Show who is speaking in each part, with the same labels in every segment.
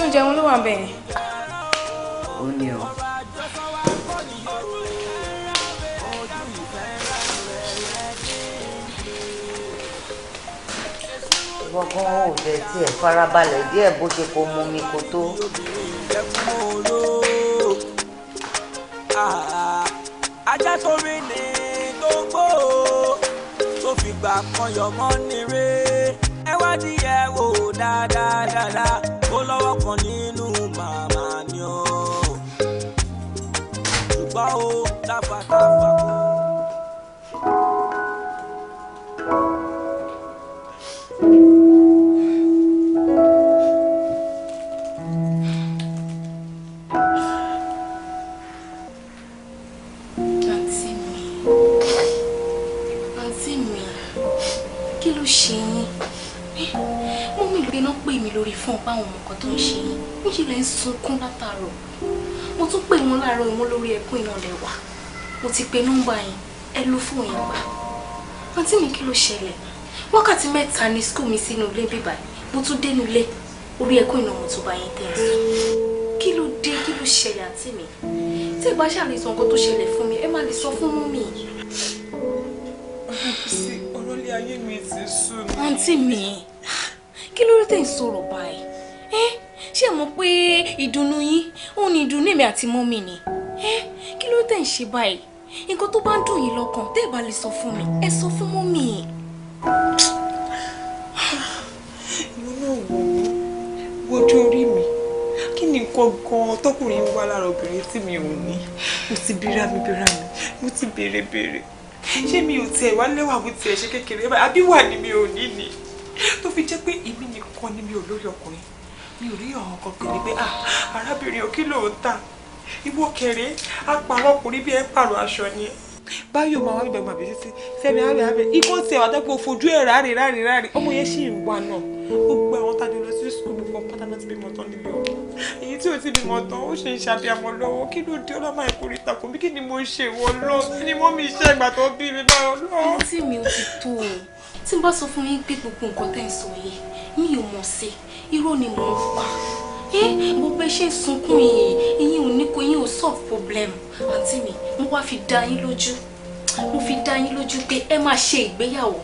Speaker 1: ṣé oúnjẹ wọn ló wà bẹ́ẹ̀ yẹn.
Speaker 2: ó ní o. gbọ̀ngàn ò jẹ́ tiẹ̀ farabalẹ̀ díẹ̀ bó ṣe kó
Speaker 3: mú mi kó tó. ajá tó rí ni tó gbó tó fi gbà kan yọmọ nire ẹ wá díẹ̀ wò dáadáa dáadáa ó lọ́wọ́ kan nínú màmá ni ó ṣùgbọ́n ó dábàá dábàá.
Speaker 1: fún ọpá àwọn ọmọkàn tó ń ṣe yín níṣẹ́ lẹ́ ń sunkún látàárọ̀ mo tún pè wọ́n láàárọ̀ wọn lórí ẹkún iná lẹ́wà mo ti pe nọ́mbà yín ẹ ló fún yín pa àǹtí mi kí ló ṣẹlẹ̀ wákàtí mẹ́ta ni skul mi sínú ilé bíbá mo tún dénú ilé orí ẹkún iná mo tún bá yín tẹ̀ ẹ́ kí ló dé kí ló ṣẹlẹ̀ àǹtí mi tí ìbá ṣàlè sọ nǹkan tó ṣẹlẹ̀ fún mi ẹ má lè sọ fún mú mi.
Speaker 4: ọ̀rọ̀ ilé ayé mi ti sú
Speaker 1: àǹtí mi kí ló rí tẹ̀ ń sọ̀rọ̀ báyìí ẹ ṣé ẹ mọ̀ pé ìdùnnú yín òun ni ìdùnnú èmi àti mọ́mì ni
Speaker 4: ẹ kí ló
Speaker 1: rí tẹ̀ ń ṣe báyìí nǹkan tó bá ń dùn yín lọ́kàn tẹ́ ẹ bá lè sọ fún mi ẹ sọ fún mọ́mì.
Speaker 4: ìwọ náà wò ó wojú orí mi kí ni nǹkan gan-an wá lára obìnrin tí mi ò ní mo ti bíra mi bíra mi mo ti béèrè béèrè ṣé mi ò tiẹ̀ wá lẹ́wà bó tiẹ̀ ṣe kékeré àbí wà ní mi ò ní ni tó fi jẹ́ pé èmi nìkan ni mi ò lórí ọkùnrin mi ò rí ọ̀hún kan pè ní pé arábìnrin ò kí ló ń tà ìwọ kẹrẹ apààrọ̀ ọkùnrin bí ẹ pààrọ̀ aṣọ ni báyọ̀ máa wá gbẹ̀gbọ̀n àbẹ̀ títí fẹ́mi àbẹ̀ àbẹ̀ ikú ti àwọn àdàpọ̀ fojú ẹ̀ ráre ráre ráre ọmọ yẹn sì ń wà náà gbogbo àwọn tá a lè lọ sí sukùl gbogbo pátá náà o ti bímọ tán ó ṣe ń ṣàbíamọ lọ́wọ́ kí ló dé ọlọ́mọ ẹ̀kọ́ rí takò mí kí ni mo ṣe wọ́n lọ kí ni mọ́ mi ṣe ìgbà tó bí mi báyọ̀ lọ́wọ́. etí mi
Speaker 1: tí n bá sọ fún yín pé gbogbo nǹkan tẹ́ ń sọ yìí mi ò mọ̀ sí irọ́ ni mò ń pa bó bẹ́ ṣe ń sunkún yìí ìyín ò ní kó yín ò solve problem àǹtí mi mo wá fi dá yín lójú mo fi dá yín lójú pé ẹ máa ṣe ìgbéyàwó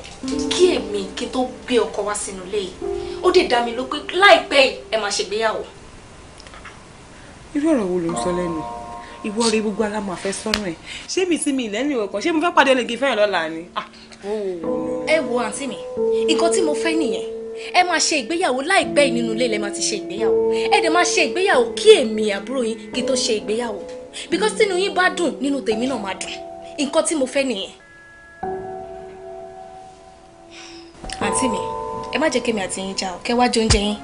Speaker 1: kí èmi kí n tó gbé ọkọ wá sínú ilé yìí ó dè dá mi lójú pé láìpẹ́ ẹ máa
Speaker 4: ṣègbéyàwó. irú ọ̀rọ̀ wo ló ń sọ lẹ́nu ìwọ rẹ gbogbo ara mà fẹ́ sọ́nù ẹ̀ ṣé mi ti mi ìlẹ́nu ìwọ ṣé mo fẹ́ pàdé ẹnì fẹ́ràn lọ́la ni. Ah, ẹ wo
Speaker 1: àǹtí mi nǹkan tí mo fẹ́ nìyẹn ẹ máa ṣe ìgbéyàwó láìpẹ́ nínú ilé lẹ máa ti ṣe ìgbéyàwó ẹ dẹ̀ máa ṣe ìgbéyàwó kí èmi àbúrò yín kí tó ṣe ìgbéyàwó because tínú yín bá dùn nínú tèmi náà máa dùn nǹkan tí mo fẹ́ nìyẹn. àǹtí mi ẹ má jẹ́ kémi àti yín jà ọ́ kẹ́ wá jẹ oúnjẹ yín.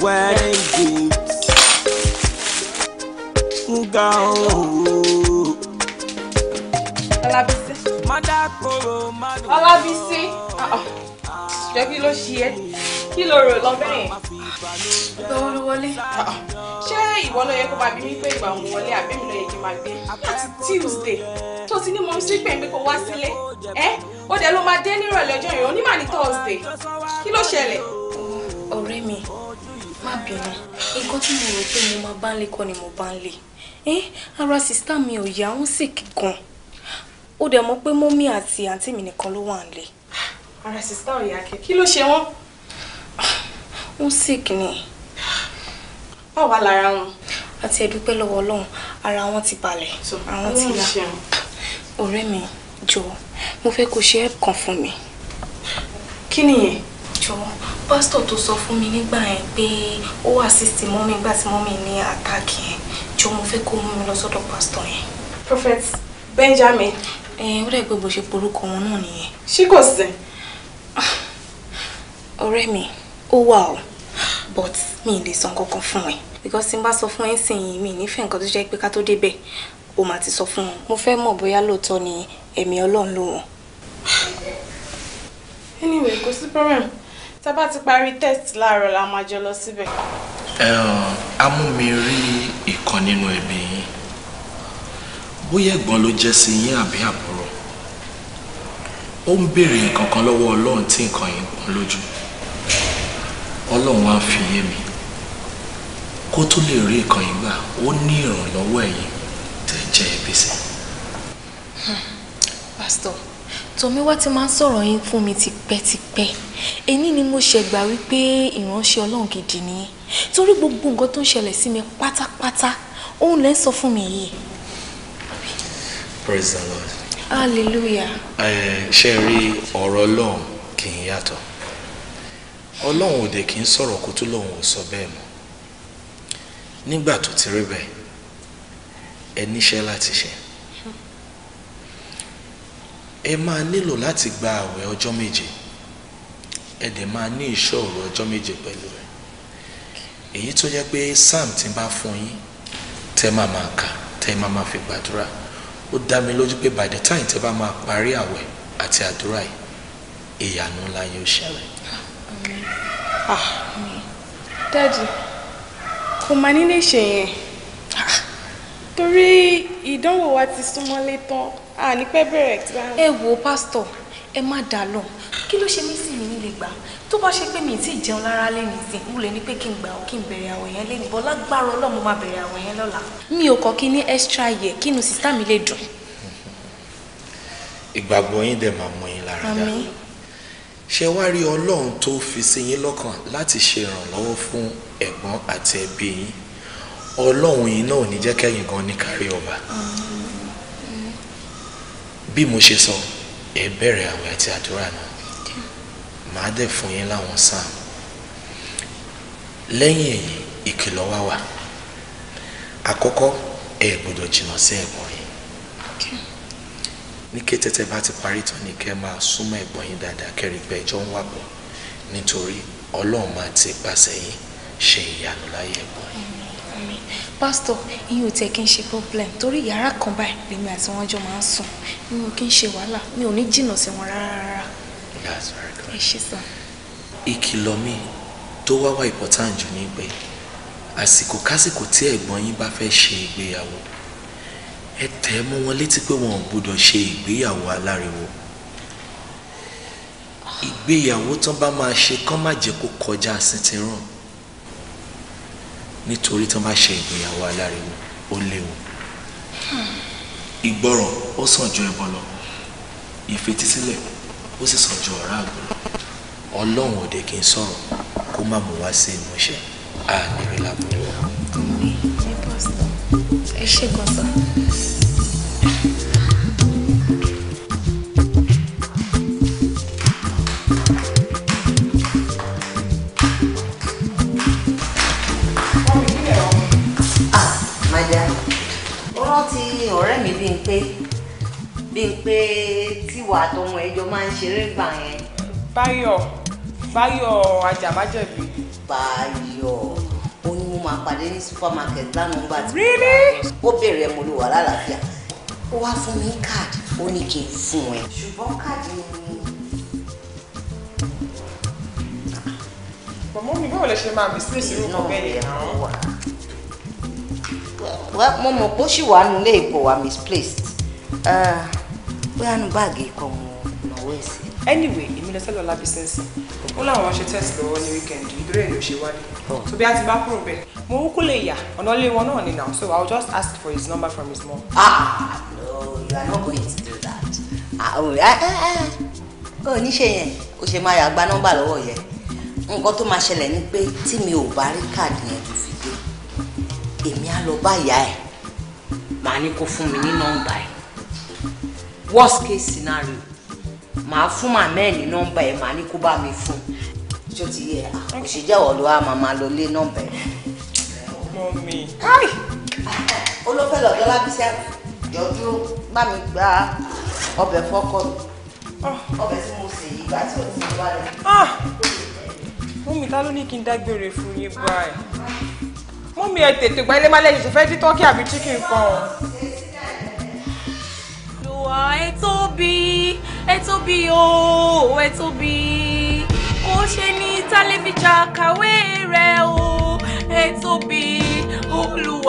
Speaker 3: wedding gift tún ga ooo. Oh. Ọlábísí.
Speaker 1: Mádàkóró Mádò. Ọlábísí. Ah, ah. Jọ kí ló ṣe ẹ́? Kí lo rò lọ bẹ́ẹ̀? Lọ́wọ́ ló wọlé. Ah, Ṣé ìwọ ló yẹ kó máa bí mi pé ìgbà òun wọlé àbí mi ló yẹ kí n máa gbé? Láti Tuesday tó ti ní mo ń sípè pé kó wá sílé. Ẹ ó dẹ̀ ló máa dé nírọ̀lẹ́ ọjọ́ yẹn onímọ̀ ní Thursday. Kí ló ṣẹlẹ̀? Ọ̀rẹ́ mi, má bínú. Nǹkan tí mo rò pé mo máa bá ń lé kọ́ ni mo bá ń lé ara sista mi ò yá wọn sì gan ó dẹ̀ mọ̀ pé mọ́mí àti àǹtí mi nìkan ló wà nílé. ara sista ò yá kẹ kí ló ṣe wọn. wọn sick ni. wọn wà lára wọn. àti ẹdúpẹ́ lọ́wọ́ ọlọ́run ara wọn ti balẹ̀ àwọn ti yá. ọ̀rẹ́ mi jọ̀ọ́ mo fẹ́ kó ṣe help kan fún mi. kí nìyẹn. jọ̀ọ́ pásítọ̀ tó sọ fún mi nígbà yẹn pé ó wà sísì mọ́mí nígbà tí mọ́mí ní àtàkì yẹn jọ mo fẹ́ kó mú mi lọ sọ́dọ̀ pásítọ̀ yẹn. prophet benjamin. ẹ ó dẹ̀ pé bó ṣe porúkọ wọn náà nìyẹn. ṣé kò sí. Ah, ọ̀rẹ́ mi ó wà o but mi ì lè san kankan fún ẹ because tí n bá sọ fún ẹ sìn mi nífẹ̀ẹ́ nǹkan tó jẹ́ pé ká tó débẹ̀ o máa ti sọ fún un mo fẹ́ mọ̀ bóyá lóòótọ́ ni ẹ̀mí ọlọ́run ló wọn. anyway kò sí problem tá a bá ti parí test láàárọ̀ la máa jọ lọ síbẹ̀.
Speaker 5: Um, a mi rí i ìkan nínú ẹbí yín bóyá ẹ̀gbọ́n ló jẹ́ sí yín àbí àbúrò ó ń béèrè nǹkan lọ́wọ́ ọlọ́run tí nǹkan yìí ń lójú ọlọ́run á fi yé mi kó tó lè rí nǹkan yìí gbà ó ní ìrànlọ́wọ́ ẹ̀yin tẹ́ jẹ́ ẹbí sí.
Speaker 1: Hmm, pásítọ̀ Tọ́míwá ti máa ń sọ̀rọ̀ yín fún mi tipẹ́tipẹ́ èyí ni mo ṣẹ̀gbà wípé ìránṣẹ́ Ọlọ́run gidi nìyí torí gbogbo nǹkan tó ń ṣẹlẹ̀ sí mi pátápátá òun lẹ́ ń sọ fún mi yìí.
Speaker 5: Praise the Lord.
Speaker 1: Hallelujah.
Speaker 5: ṣe rí ọ̀rọ̀ Ọlọ́run kì í yàtọ̀ Ọlọ́run òde kì í sọ̀rọ̀ kó tó lòun ò sọ bẹ́ẹ̀ mọ́ nígbà tó ti rí bẹ́ẹ̀ ẹ níṣẹ́ láti ṣe ẹ máa nílò láti gba àwẹ̀ ọjọ́ méje ẹ dẹ̀ máa ní ìṣòro ọjọ́ méje pẹ̀lú rẹ̀ èyí tó jẹ́ pé sam ti bá fún yín tẹ́ máa máa kà tẹ́ máa máa fi gbàdúrà ó dá mi lójú pé by the time tẹ́ bá máa parí àwẹ̀ àti àdúrà yìí ìyanu ńlá yóò ṣẹlẹ̀.
Speaker 1: Ah, dájú kò máa nílé ṣe yẹn ah, torí ìdánwò wa ti súnmọ́lé tán a ní pẹ́ bẹ̀rẹ̀ exam. ẹ wo pásítọ̀ ẹ má dà lọ kí ló ṣe mí sí mi nílé gbà tó bá ṣe pé mi tí ì jẹun lára lẹ́nu ìsìn mo lè ní pé kí n gbà ó kí n bẹ̀rẹ̀ àwọ̀ yẹn lẹ́nu bọ́ lágbára ọlọ́run mo máa bẹ̀rẹ̀ àwọ̀ yẹn lọ́la. mi ò kọ́ kí ní extra yẹ kí inú sísá mi lè dùn.
Speaker 5: ìgbàgbọ́ yín dẹ̀ máa mú yín lára dá ṣé wá rí ọlọ́run tó fi sí yín lọ́kàn láti ṣe ìrànlọ́wọ́ fún ẹ̀gbọ́n àti ẹbí yín ọlọ́run yìí náà ò ní jẹ́ kẹ́yìn gan ní kárí ọba bí mo ṣe sọ ẹ bẹ̀rẹ̀ àwẹ̀ àti àdúrà náà màá dẹ̀ fún yín láwọn sáà lẹ́yìn èyí ìkìlọ̀ wá wà àkọ́kọ́ ẹ gbọ́dọ̀ jìnnà sí ẹ̀gbọ́n yín ní kété tẹ́ bá ti parí tán ni kẹ́ máa súnmọ́ ẹ̀gbọ́n yín dáadáa kẹ́rin pé ẹjọ́ ń wà pọ̀ nítorí ọlọ́run máa ti pàṣẹ yín ṣe ìyanu láyé ẹ̀gbọ́n
Speaker 1: yín pásítọ̀ ìyẹn ò tiẹ̀ kí n ṣe problem torí yàrá kan báyìí lèmi àti wọn jọ máa ń sùn mi ò kí n ṣe wàhálà mi ò ní jìnnà sí wọn rárá. that's very good. ẹ ṣe sàn.
Speaker 5: ìkìlọ̀ mi tó wá wá important jù ní pé àsìkò kásìkò tí ẹ̀gbọ́n yín bá fẹ́ ṣe ìgbéyàwó ẹ tẹ̀ ẹ́ mọ́ wọn létí pé wọn ò gbọdọ̀ ṣe ìgbéyàwó aláriwo ìgbéyàwó tán bá máa ṣe kán má jẹ́ kó kọjá sítírọ̀n nítorí tí wọ́n bá ṣe ìgbéyàwó aláriwo ó léwu ìgbọràn ó sàn ju ẹbọ lọ ìfetísílẹ̀ ó sì sàn ju ọ̀rá àgbò lọ ọlọ́run òde kì í sọ̀rọ̀ kó má mú wá sí ìmúṣẹ àní rí lábúrò.
Speaker 1: ẹ ṣe gan
Speaker 2: Bímpé Bímpé tíwà àtọmọ ẹjọ máa ń ṣeré gbà yẹn. Báyọ̀ Báyọ̀ Ajàbájẹ̀bí. Báyọ̀ ó ní mo máa pàdé ní supermarket lánàá nígbà tí. Rírí. Ó bèrè ẹ̀ mo wà lálàáfíà. Ó wá fún mi káàdì ó ní kí n fún ẹ. Ṣùgbọ́n káàdì mi.
Speaker 4: Mọ̀mọ́ mi báwo lè ṣe máa bìsí ìṣirò kan yẹn
Speaker 2: mo mọ̀ bó ṣì wà nílé ipò wa misplaced ah, bóyá nu báàgì
Speaker 4: kan mo náwó ẹ̀ sí. anyway èmi lọ sẹ́lọ̀ lábí sẹ́ǹsì ó láwọn ọ̀ṣẹ́ test lọ́wọ́ ní weekend? nítorí èyí ò ṣe wálé tó oh. bí a ti bá kúrò bẹ́ẹ̀ mo ń kú lè yà ọ̀nà ilé wọn náà ni now so i will just ask for his number from his mom. ah no you are not going to do that.
Speaker 2: Ah, oh, eh, eh, eh. ó ní ṣe yẹn ó ṣe máa yà gba nọ́mbà lọ́wọ́ yẹn nǹkan tó máa ṣẹlẹ̀ ni pé tí mi ò bá rí káàdì yẹn tó fi èmi á lọ bá ìyá ẹ̀ màá ní kó fún mi ní nọ́mbà ẹ̀ worst case scenario màá fún màmá ẹ̀ ní nọ́mbà ẹ̀ màá ní kó bá mi fún ṣó ti yẹ àkọsíjẹ́wọ̀ ló wá máa máa lọ lé nọ́mbà ẹ̀. mọ́mí. káì olófẹ́ lọ́dọ́ lábísẹ́ jọjú bá mi gba ọbẹ̀ fọ́kọ mi ah. ọbẹ̀ tí mo sè yí gbà tí o ti wá rẹ̀.
Speaker 4: Ah. mọ́mí ta ló ní kí n dágbére fún yín báyìí mú mi ẹ tètè gba ilé má lẹ́yìn tó fẹ́ dín tọ́kì àbí chicken kan
Speaker 1: lùwà ẹ tóbi ẹ tóbi o ẹ tóbi kò ṣe ní tálẹ́bíjà kàwé rẹ o ẹ tóbi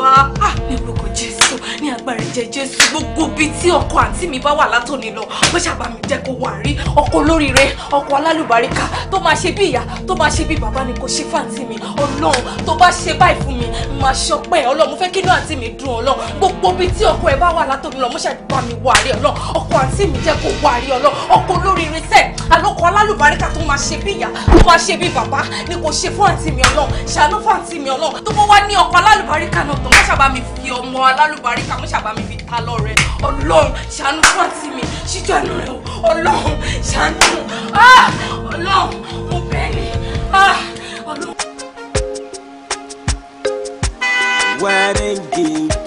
Speaker 1: olúwa ah, ní orúkọ jésù ní agbára ẹ̀jẹ̀ jésù gbogbo bíi tí ọkọ àǹtí mi bá wà látòní lọ pé ṣàbà mi jẹ́ kó wà rí ọkọ olóríire ọkọ alálùbáríkà tó máa ṣe bí ìyá tó máa ṣe bí bàbá ni kò ṣe fáǹtí mi ọlọ́run tó bá ṣe báyìí fún mi máa ṣọpẹ́ ọlọ́run fẹ́ kínú àǹtí mi dùn ọlọ́run gbogbo bíi tí ọkọ ẹ bá wà látòní lọ mọ́ṣà bá mi wà rí ọlọ́run ọkọ àǹtí mi jẹ́ kó wà rí ọlọ́run ọkọ olóríire sẹ́ alọ́kọ alálùbáríkà tó máa ṣe bí ìyá tó máa ṣe bí bàbá ni kò ṣe fáǹtí mi ọlọ́run ṣàánú fáǹtí mi ọlọ́run tó bá wá ní ọkọ alálùbáríkà náà tó má ṣàbá mi fi ọmọ alálùbárí ká má ṣàbá mi fi ta lọ́rẹ ọlọ́run ṣàánú fún àǹtí mi ṣíjànú rẹ o
Speaker 3: ọlọ́run ṣàánú ah!
Speaker 1: ọlọ́run mo bẹ́ẹ̀ ni ah! ọlọ́run.
Speaker 3: wedding gift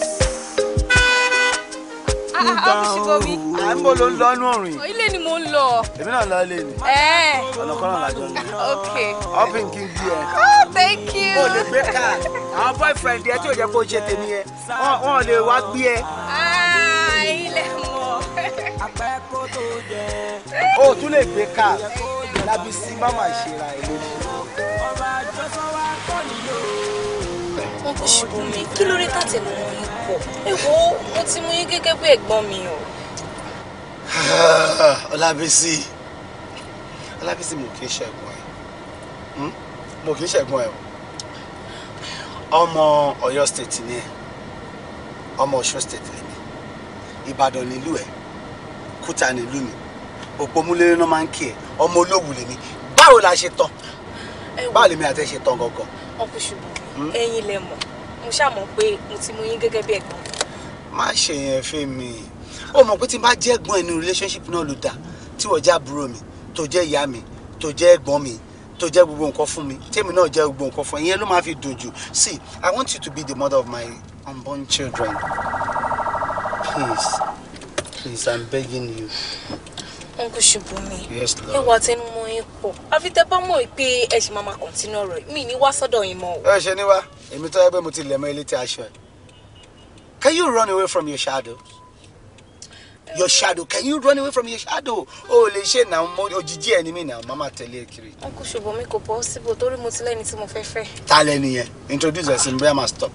Speaker 3: ṣíbọ̀mí. à ń bò ló ń lọ inú ọ̀run
Speaker 5: yìí.
Speaker 1: ilé ni mo ń lọ.
Speaker 5: èmi náà lọ ilé ni.
Speaker 1: ọ̀nàkọ́nà làjọ ni. ok. ọ̀pìn kí n bí
Speaker 5: ẹ.
Speaker 3: oh thank you. o lè gbé ká àwọn
Speaker 5: boyfriend yẹ tí ò jẹ́ kó o ṣe tèmi yẹ wọn ò lè wá gbé ẹ.
Speaker 3: Ah, ilé mọ̀. o tún lè gbé ká
Speaker 5: lábísí má má ṣe ra ìlú
Speaker 3: wọ́n tún ṣubú mi kí ló rí tàtẹ̀
Speaker 1: mú mi pọ̀ èwo mo ti mú yín gẹ́gẹ́ bí ẹ̀gbọ́n mi o.
Speaker 5: ọlábísí ọlábísí mo kì í ṣẹ̀gbọ́n ẹ̀ hmm? mo kì í ṣẹ̀gbọ́n ẹ̀ ọmọ Ọ̀yọ́ state ni ẹ̀ ọmọ Ọ̀ṣun state ni mi Ìbàdàn nílùú ẹ̀ Kúta nílùú mi òpómúlérè náà máa ń kí ẹ ọmọ olówù lèmi báwo la ṣe tán báwo lèmi àti ẹ ṣe tán gangan.
Speaker 1: ọkùnrin ṣubú ẹ̀yin lẹ mọ̀ mo ṣàmọ̀ pé mo ti mú yín gẹ́gẹ́ bí ẹ̀gbọ́n.
Speaker 5: má ṣe yẹn fún mi ó mọ̀ pé tí n bá jẹ́ ẹ̀gbọ́n ẹni relationship náà ló dà tí wọ́n jẹ́ àbúrò mi tó jẹ́ ìyá mi tó jẹ́ ẹ̀gbọ́n mi tó jẹ́ gbogbo nǹkan fún mi tèmi náà jẹ́ gbogbo nǹkan fún ìyẹn ló máa fi dùn jù see i want you to be the mother of my unborn children please please i'm begging you
Speaker 1: uncle Shibumi
Speaker 5: ẹ wà tí
Speaker 1: mo ń pọ̀ àfi tẹ bá mọ̀ pé ẹ ṣì máa máa kọ̀ntínú ọ̀rọ̀ mi ní wá sọ́dọ̀ yín mọ́ o.
Speaker 5: ẹ ṣe ni wá èmi tó yẹ pé mo ti lẹ̀ mọ́ ilé tí a ṣe. Can you run away from your shadow? your shadow can you run away from your shadow o lè ṣe na mo òjijì ẹni mi na mama tẹ̀lé kiri. wọn kò ṣùgbọ́n mi kò possible torí
Speaker 1: mo ti lẹ́ni tí mo fẹ́ fẹ́.
Speaker 5: ta lẹni yẹn introduce ẹ sí mi bẹ́ẹ̀ stop.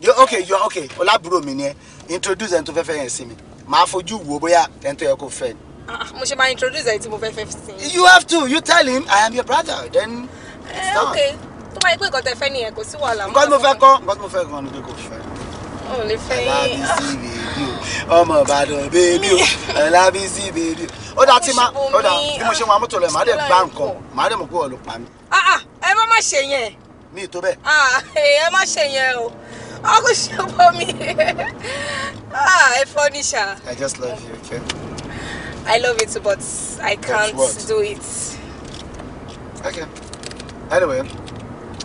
Speaker 5: you okay you okay ọlábùrò mi ni ẹ introduce ẹni tó fẹ́ fẹ́ yẹn sí mi màá fojú wo bóyá ẹni tó yẹ kó fẹ́ ni.
Speaker 1: Ah, mo ṣe máa introduce ẹ tí mo fẹ́ fẹ́ sí. you have to you tell him i am your brother then eh, it's done. ok tó bá yẹ pé nǹkan tẹ fẹ́ nìyẹn kò sí wàhálà. nǹkan tí mo
Speaker 5: fẹ́ kọ́ nǹkan tí mo fẹ́ kọ́ ni pé kò fẹ́.
Speaker 1: o lè fẹ́ yín. alábísí
Speaker 5: bèbí o ọmọ ìbàdàn bèbí o alábísí bèbí o. ó dà tí mo ṣe wọn amótò rẹ màá dẹ̀ gbá nǹkan màá dẹ̀ mọ̀ pé ọ̀lù pa mi.
Speaker 1: Ah, ah, ẹ má má ṣe yẹn. mi ì tó bẹ́ẹ̀. Eh, ẹ má ṣe yẹn o ọkùnrin ṣe bọ́ mi ẹ fọ́ níṣà.
Speaker 5: i just love you okay.
Speaker 1: I love it, but I can't do it. Okay.
Speaker 5: Anyway,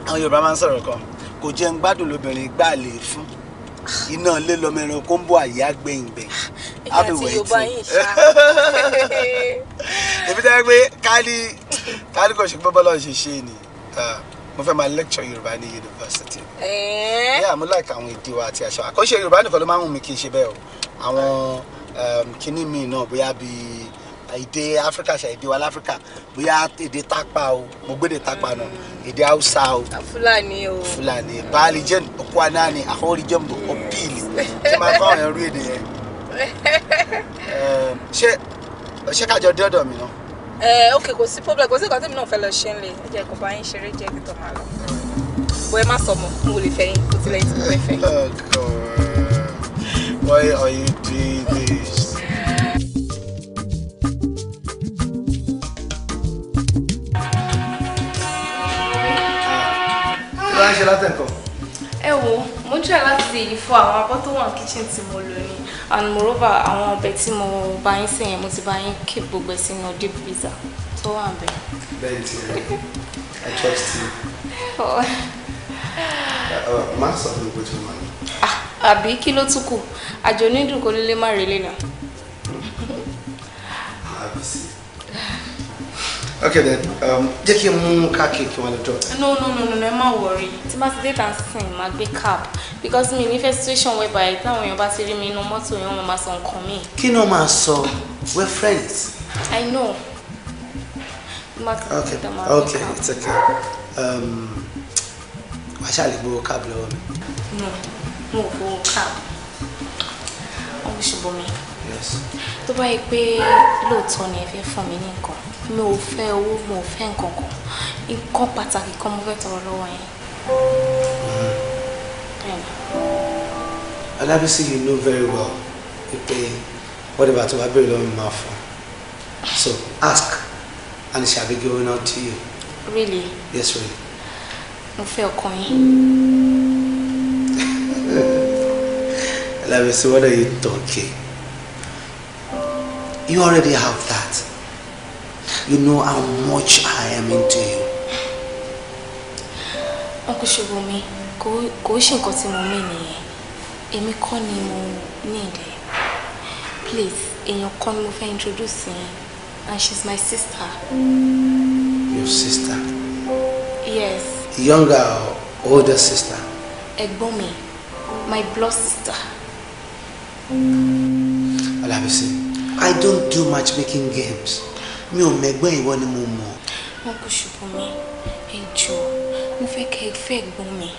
Speaker 5: àwọn Yorùbá máa ń sọ̀rọ̀ kan kò jẹ́ ń gbádùn lóbìnrin gbà lè fún iná lé lọmọ ẹran kó ń bọ àyà gbẹ̀ngbẹ̀ àbẹ̀wẹ̀ tí èmi dáa pé káàdì káàdì kò ṣe gbọ́bọ́ lọ́ọ́ ṣe ṣe ni mo fẹ́ máa lecture Yorùbá ní yunifásitì
Speaker 3: ẹ̀ ẹ́
Speaker 5: àmúlàkà àwọn èdè wa àti àṣà àkọ́ṣe Yorùbá nìkan ló máa ń wù mí kí n ṣe bẹ́ẹ̀ o àwọn um, kínní míì náà bóyá bíi èdè áfíríkà ṣe èdè wa láfíríkà bóyá èdè tápà o mo gbédè tápà náà èdè haúsá o
Speaker 1: fúlàní o
Speaker 5: fúlàní baálé jẹ́ ọkọ anáni àkọ́rí jẹ́ ọ̀pìlì tí máa kọ́ àwọn ẹrú èdè yẹn um, ṣé ṣé kájọ dé mi náà.
Speaker 1: ẹ eh, ok kò sí problem kò sí nǹkan tẹ́mi náà fẹ́ lọ ṣe ń lè ẹ jẹ́ kó bá yín ṣeré jẹ́ kí tọ́ máa lọ bóyá má sọ mọ́ mo lè fẹ́ yín kó tilẹ̀ yín ti mo fẹ́ yín. Oh, Why are you doing this? Kí ló ń ṣe látẹ̀kọ̀? mo jẹ́ láti fọ àwọn abọ́ tó kitchen tí mo lò ní and moreover àwọn ọbẹ̀ tí mo bá yín sè yẹn mo ti bá yín keep gbogbo sínú deep freezer tó wà ń
Speaker 5: Bẹ́ẹ̀ ti rẹ̀, I trust you.
Speaker 1: Oh. Uh,
Speaker 5: uh, má sọ fún mi bó ti máa ń
Speaker 1: àbí kí ló tún kù àjò onídùn kò lélẹ̀ má relé náà.
Speaker 5: okay then um, jẹ́ kí n mú ká kéèkì wọn lọ́jọ́.
Speaker 1: no no no no ẹ má wọrí tí bá ti dé tà sìn máa gbé cab because mi ní frustration whereby táwọn èèyàn bá ti rí mi inú mọ́tò yẹn wọ́n máa sọ nǹkan mi.
Speaker 5: kí ni wọ́n máa sọ we're friends.
Speaker 1: i know. okay okay it's okay.
Speaker 5: Um, wàá ṣàlè gbowó cab lọ́wọ́ mi.
Speaker 1: no mo ò tó bá yẹ pé lóòótọ́ ni ẹ fẹ́ fún mi ní nǹkan mi ò fẹ́ owó mo ò fẹ́ nǹkan kan nǹkan pàtàkì kan mo fẹ́ tọrọ lọ́wọ́ yẹn.
Speaker 5: Mm-hmm. Alábísí you know very well pé whatever tó bá béèrè lọ́wọ́ mi máa fún so ask and it shall be given out to you. Really? Yes, really.
Speaker 1: mo fẹ́ ọkàn yín.
Speaker 5: Lamisi, what are you talking? You already have that. You know how much I am into you.
Speaker 1: Uncle Shibomi, go, ṣe nǹkan tí mo mí nìyẹn. Èmi kọ́ ni mo need Please, in your ni mo fẹ́ introduce yín and she's my sister.
Speaker 3: Your
Speaker 5: sister?
Speaker 1: Yes.
Speaker 5: Younger or older sister?
Speaker 1: Ẹ̀gbọ́n my blood sister. Alábísí.
Speaker 5: I don't do matchmaking games. Mi o mẹ́gbọ́n ìwọ ni mo mọ̀.
Speaker 3: Uncle Ṣubúmi, ẹ
Speaker 1: jọ̀ọ́, mo fẹ́ kẹ́ ẹ fẹ́ mi.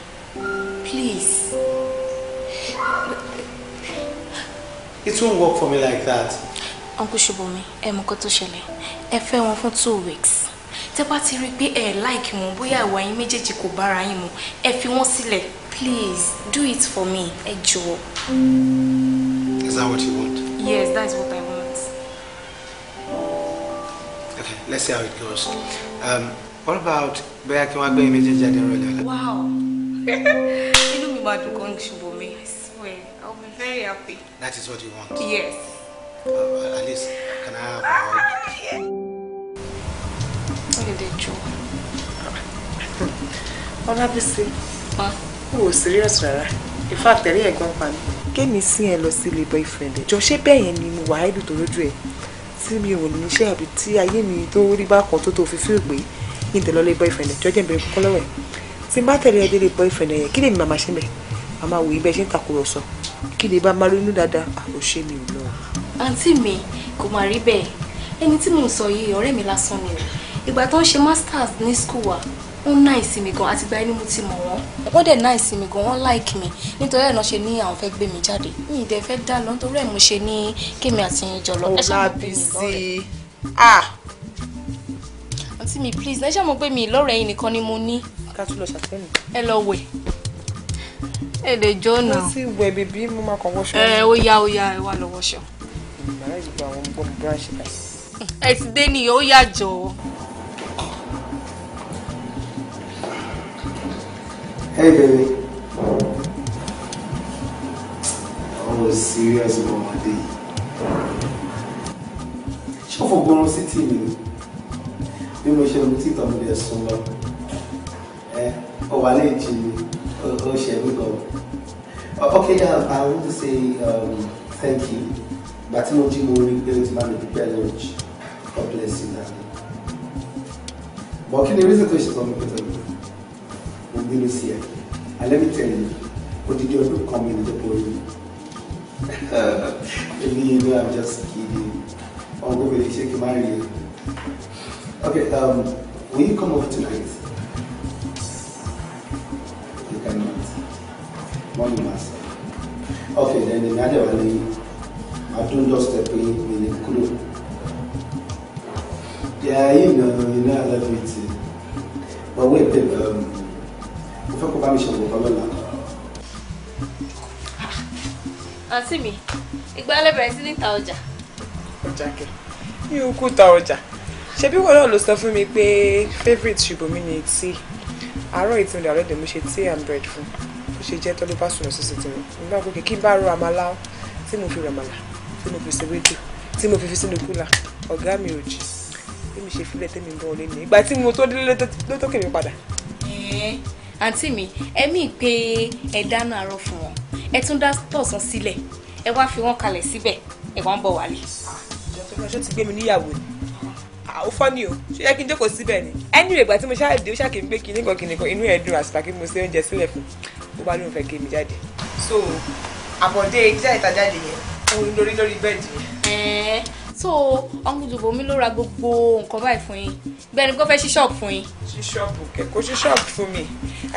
Speaker 1: Please.
Speaker 5: It won't work for me like that.
Speaker 1: Uncle Ṣubúmi, ẹ mọ̀ nǹkan tó ṣẹlẹ̀. Ẹ fẹ́ wọn fún two weeks. Te ba ti rí pé ẹ láìkì wọn bóyá ìwà yín méjèèjì kò bára yín mu, ẹ fi wọ́n sílẹ̀. Please do it for me, ẹ
Speaker 5: Mm. Is that what you want? Yes,
Speaker 1: that is what I want.
Speaker 5: Okay, let's see how it goes. Um, what about bóyá kí wọ́n gbé méjì jáde
Speaker 1: you? ọ̀la? Wow! Inú mi máa
Speaker 4: dùn gan ṣùgbọ́n mi, I swear, I'll be very happy. That is what you want? Yes.
Speaker 5: Uh, at least, can I have
Speaker 4: a hug? Wọ́n lè jọ. Ọlábísí, o ò serious Rara? In fact, ẹ̀rí ẹ̀gbọ́n pa mi kémi sí ẹ lọ sí ilé boyfriend ẹ jọ ṣé bẹ́ẹ̀ yẹn ni mo wà á ìlú tó lójú ẹ tí mi ò ní iṣẹ́ àbí tí ayé mi tó rí bákan tó tó fi fíìl pé kí n tẹ̀lé ọlé boyfriend ẹ jọjẹ́ ìbẹ̀rẹ̀ kọ́kọ́ lọ́wọ́ ẹ tí n bá tẹ̀lé ẹ délé boyfriend ẹ yẹn kí lèmi màmá ṣe mẹ́ màmá wòye bẹ́ẹ̀ ṣe ń tàkùrọ̀sọ kí lè bá máa ronú dáadáa àkòṣe mi ò lọ.
Speaker 1: àǹtí mi kò máa rí bẹ́ẹ̀ ẹni tí mò ń sọ yìí ọ̀rẹ́ mi lásán ni ìgbà tó ń ṣe masters ní school wa wọ́n nice mi gan àtìgbà ẹni mo ti mọ̀ wọ́n wọ́n dẹ̀ nice mi gan wọ́n like mi nítorí ẹ̀ náà ṣe ní àwọn fẹ́ gbé mi jáde mi ìdẹ fẹ́ dá lọ nítorí ẹ̀ mo ṣe ní kémi àti yín jọ lọ. Ọlábísí ah. àǹtí mi please ẹ ṣe mọ̀ pé mi ìlọ́rẹ̀ yìí nìkan ni mo ní. ká tún lọ ṣàtẹ́nu. ẹ lọ wẹ̀ ẹ lè jó nà. mo
Speaker 4: ti wẹ̀ bèbí
Speaker 1: mo máa kàn wọṣọ. ẹ ó yá ó yá ẹ wá lọ wọṣọ. ìgbà Hey, baby.
Speaker 5: Oh, serious about my day. Ṣé o fọgbọ́n sí tì mí? Bí mo ṣe mú títà mi lè sùn lọ. oh ọ̀wà lè jí mi, Okay, um, I want to say um, thank you. but I'm not going to rí pé o prepare lunch. God bless you, darling. But kí ni reason to ṣe sọ better mo bínú sí ẹ alẹ́ mi tẹ̀lé odidi ọdún kan mi lóko yìí maybe you know i'm just kidding ọgbọ́n mi lè ṣe kí n okay um, will you come over tonight you cannot money master okay then èmi á dẹ̀ wá lé adúndọ́sẹ̀ pé mi lè kúrò yeah you know you know i love you too but wait Um, mo fẹ́ kó bá mi ṣòwò kan lọ́la.
Speaker 1: àǹtí mi ìgbà lẹ́bẹ̀rẹ̀ sí ní ta ọjà.
Speaker 4: ọjà kẹ mi ò kú ta ọjà ṣebí wọn náà ló sọ fún mi pé favourite ṣùgbọ́n mi ni tea àárọ̀ ìtìmọ̀lẹ̀ àlọ́ ìdẹ̀mú ṣe tea and bread fún bó ṣe jẹ́ tọ́lú bá sùn lọ́sọ̀ọ̀sẹ̀ tí mo nígbà gòkè kí n bá ro àmàlà tí mo fi ràmàlà tí mo fi ṣèwédú tí mo fi fi sínú kúlà ọ̀gá mi ò jì bí mi ṣe filẹ̀ tẹ́mi bọ́ ọ lé ní ìgbà tí mo tó délé ló tó kèmí padà
Speaker 1: àǹtí mi ẹ̀mí pé ẹ dáná àárọ̀ fún wọn ẹ tún dá tọ̀sán sílẹ̀ ẹ wá fi wọn kalẹ̀ síbẹ̀ ẹ wá ń bọ̀ wálé. ìjọba ṣó ti gbé mi níyàwó
Speaker 4: ni àwọn ah, fọ́nì o ṣó yẹ kí n jókòó síbẹ̀ ni ẹni ìgbà tí mo ṣáà dé ó ṣáà kí n gbé kinní kan kinní kan inú ẹ̀ dùn àṣìṣà kí mo ṣe oúnjẹ sílẹ̀ fún bó bá lóun fẹ́ kí mi jáde. so àbọ̀dé iṣẹ́ ìtajáde yẹn òun lórí lórí bẹ́ẹ̀dì
Speaker 1: yẹn so uncle Dùbò mi ló ra gbogbo nǹkan báyìí fún yín bẹ́ẹ̀ ni kò fẹ́ ṣí ṣọ́ọ̀bù fún yín.
Speaker 4: ṣí ṣọ́ọ̀bù kẹ ṣí ṣọ́ọ̀bù fún mi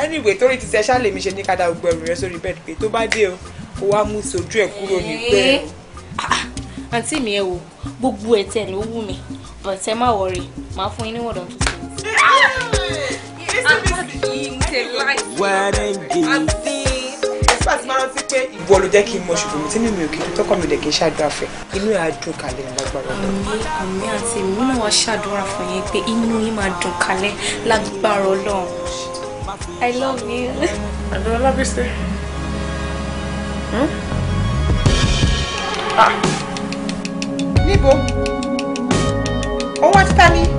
Speaker 4: anyway torí ti ṣe ṣáà lèmi ṣe ní kádà gbogbo ẹrù rẹ sórí bẹ́ẹ̀dì pé tó bá dé o kó wá mú sojú ẹ kúrò ní pẹ́ o.
Speaker 1: àǹtí mi ẹ wo gbogbo ẹ tẹ ló wù mí but ẹ má wọrí màá fún yín ní wọ̀dọ̀ tuntun. Ah,
Speaker 3: I'm not being the right
Speaker 4: nígbà tí máa rántí pé ìwọ ló kí n mọ ṣùgbọ́n tí mímu òkè tó tọ́kọ̀ mi dẹ̀ kí n ṣàdúrà fẹ́ inú ẹ̀ á dùn kalẹ̀ lágbára ọ̀dọ́. àmì
Speaker 1: àti èmi náà wá ṣàdúrà fún yín pé inú yín máa dùn kalẹ̀ lágbára ọlọ́run
Speaker 4: I love you. àdúrà lábẹ́sẹ̀. Hmm? Ah! níbo owó ti ta ni.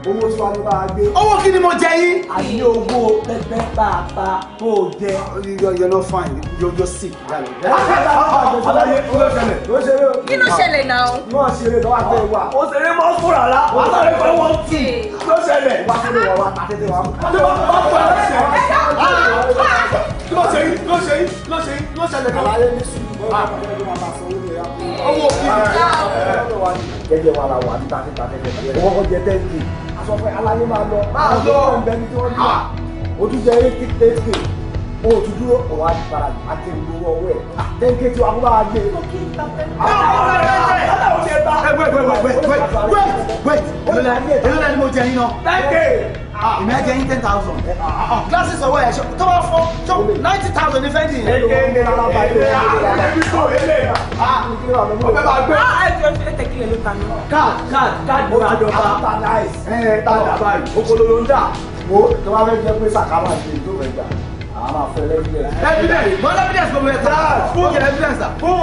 Speaker 5: owó tí wàá bá gbé. owó kí ni mo jẹ yín. àbí owó
Speaker 3: pẹpẹ pàápàá
Speaker 5: tó jẹ. yọ lọ fine yọ yọ sí.
Speaker 3: kí ló ṣẹlẹ̀ náà. náà ṣeré lọ́wọ́ àgbẹ̀ wa. o ṣeré mọ́ fúnra la wà á sáré pé wọ́n
Speaker 4: tì. ló ṣẹlẹ̀. wà á tẹ̀lé wa wà á tẹ̀lé wa.
Speaker 3: ló ṣe yín
Speaker 5: ló ṣe yín ló ṣe yín ló ṣẹlẹ̀ náà. àlàyé ní sùn.
Speaker 4: owó kí ni.
Speaker 5: jẹ́jẹ́ wa la wà níta níta níta. owó kò jẹ tẹ́ǹtì
Speaker 4: sọ pé aláyé máa lọ máa lọ ẹ̀ǹbẹ́ ní tí wọ́n dúró
Speaker 5: o tún jẹ eighty eight k o tún dúró ọ̀wá ìfara àti ìlú ọwọ́ ẹ̀ ten k tí wàá kó bá wa gbé. wait wait wait wait wait wait wait olùlànà ni mo jẹ yín náà. ten k ìmọ̀ ẹ̀jẹ̀ yín ten thousand gíláàsì sọ̀wọ́ ẹ̀ ṣe tó bá fọ́ tó ninety thousand ní fẹ́ẹ́ dì yín. ẹ ẹ nana ba ilé ya ẹ bí sọ bá gbé.
Speaker 4: a ẹ jẹ ẹ tẹkílẹ ló ta ni. káàd káàd káàd bó ti dọba ta náìs ẹ ta dàbà yìí okololo ń dà wo tó bá fẹ́ jẹ́ pé sàkámà
Speaker 5: ṣe tó fẹ́ gbà àwọn máa fẹ́ lẹ́bílẹ̀. evidence mọ evidence kò mẹ ta fún yẹ evidence fún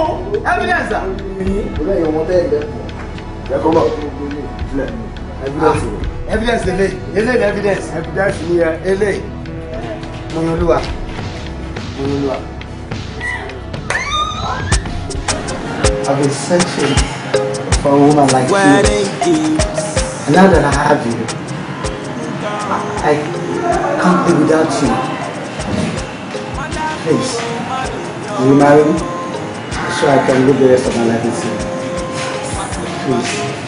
Speaker 5: evidence. olóyè wọn tẹ́ ẹ lẹ́kọ̀ọ́ lẹ́kọ̀ọ́ evidence lele lele ni evidence. evidence ni ẹ. lele mọ̀nyọ́lúwa mọ̀nyọ́lúwa. I've been searching for a woman like you. And now that I have you, I, I can't live without you. Please, will you marry me so I can live the rest of my life in sin? Please.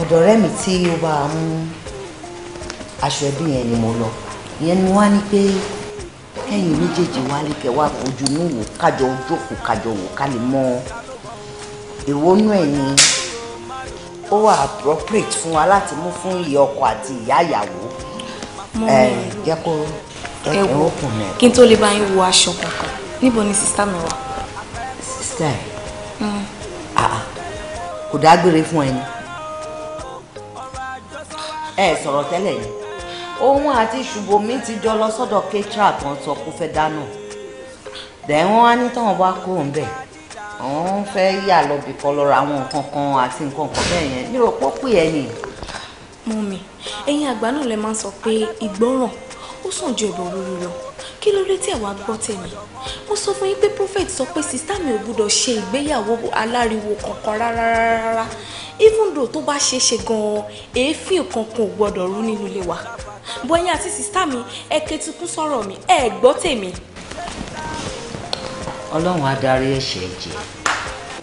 Speaker 2: ọ̀dọ̀ ọ̀rẹ́ mi tí ó bá a mú aṣọ ẹbí yẹn ni mo lọ ìyẹn ni wọ́n á ní pé kẹ́yìn méjèèjì wálé kẹwàá ojú inú wò kájọ ojú kájọ wò ká lè mọ ìwónú ẹ̀ ni ó wà appropriate fún wa láti mú fún ìyá ọkọ àti ìyá ìyàwó ẹ jẹ́ kó ẹ wò ọkùnrin. kí n tó lè
Speaker 1: bá yín wo aṣọ kankan níbo ni sista mi wà. sista ẹ mm. ah, ah.
Speaker 2: kò dágbére fún ẹni ẹ sọ̀rọ̀ tẹ́lẹ̀ yìí òun àti ṣùbọ̀mí ti jọ lọ sọ́dọ̀ kétra kan sọ kó fẹ́ dáná dẹ̀ wọ́n á ní táwọn bá kó ń bẹ̀ wọ́n fẹ́ yà lọ́bì kan lọ́ra àwọn nǹkan kan àti nǹkan kan bẹ́ẹ̀ yẹn ní òpó pè ẹ́ nì.
Speaker 1: mọ́mì ẹ̀yin àgbà náà lè máa sọ pé ìgbọ́ràn ó sàn ju ẹbọ rúru lọ kí ló dé tí àwa gbọ́ tèmi mo sọ fún yín pé prophet sọ pé sista mi ò gbúdọ̀ ṣe ìgbéyàwó aláriwo kankan rárá rárá even though tó bá ṣe é ṣe gan-an èéfín kankan ò gbọ́dọ̀ rú nínú ilé wa bọ́yá àti sísá mi ẹ ketukú sọ̀rọ̀ mi ẹ gbọ́ tèmi.
Speaker 2: ọlọ́run adarí ẹ̀ṣẹ̀ jẹ́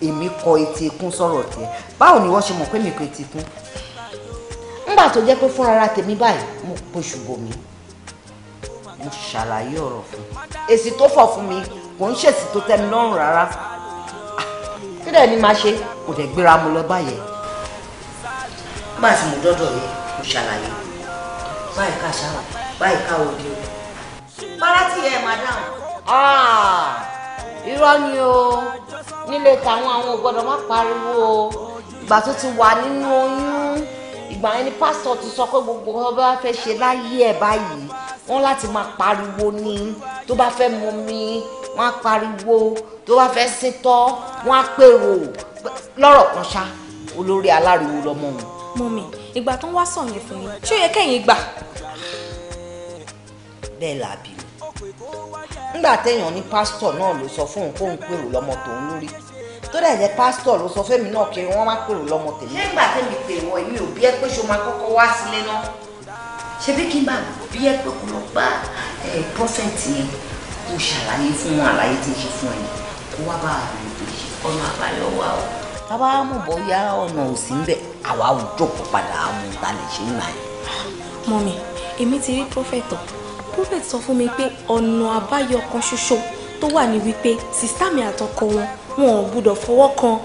Speaker 2: èmi kọ etí ikún sọ̀rọ̀ tiẹ̀ báwo ni wọ́n ṣe mọ̀ pé mi kọ etí ikún ńgbà tó jẹ́ pé fúnra tèmi báyìí mo poṣù bò mí mo ṣàlàyé ọ̀rọ̀ fún un èsì tó fọ̀ fún mi kò ń ṣèsì tó tẹ́ mi lọ́rùn rárá ah, kí dẹ̀ ni máa ṣe kò dẹ̀ gbéra mu lọ báyẹn nígbà tí mo dọ́dọ̀ yẹ mo ṣàlàyé báyìí ká ṣáà báyìí ká òde o. bára tí madam. Ah, irọ́ ni o nílé tàwọn àwọn ò gbọ́dọ̀ má pariwo o ìgbà tó ti wà nínú oyún ìgbà yẹn ni pásítọ̀ ti sọ pé gbogbo ọmọ bá fẹ́ ṣe láyé ẹ̀ báyìí wọ́n láti máa pariwo ni tó bá fẹ́ mu mi wọ́n á pariwo tó bá fẹ́ síntọ́ wọ́n á pèrò lọ́rọ̀ kan ṣá olórí aláriwo lọmọ òun
Speaker 1: mọ́mì ìgbà tó ń wá sàn yẹn fún mi ṣé ó yẹ kẹ́yìn gbà.
Speaker 2: bẹ́ẹ̀ la bí o nígbà téèyàn ní pásítọ̀ náà ló sọ fóun kóun pèrò lọ́mọ tòun lórí tó dẹ̀ jẹ́ pásítọ̀ ló sọ fẹ́mi náà kiri wọ́n má pèrò lọ́mọ tèmi. nígbà tẹ́mi pè wọ́n èmi ò bí ẹ pé ṣo máa kọ́kọ́ wá sílé náà ṣebí kí n bá bí ẹ pé kò lọ bá prọfẹ̀tì yẹn kò ṣàlàyé fún wọn àlàyé tí ń ṣe fún ẹ kó wá bá àwọn ọ̀nà àbáyọ wà o tábà mọ̀ bóyá ọ̀nà ò sí níbẹ̀ àwa ò jókòó padà mú ta lè ṣe nà ẹ̀.
Speaker 1: mọ́mi èmi ti rí prophet prophet sọ fún mi pé ọ̀nà àbáyọ kan ṣoṣo tó wà ní wípé sìstá mi àtọkọ wọn wọn ò gbúdọ̀ fọwọ́ kan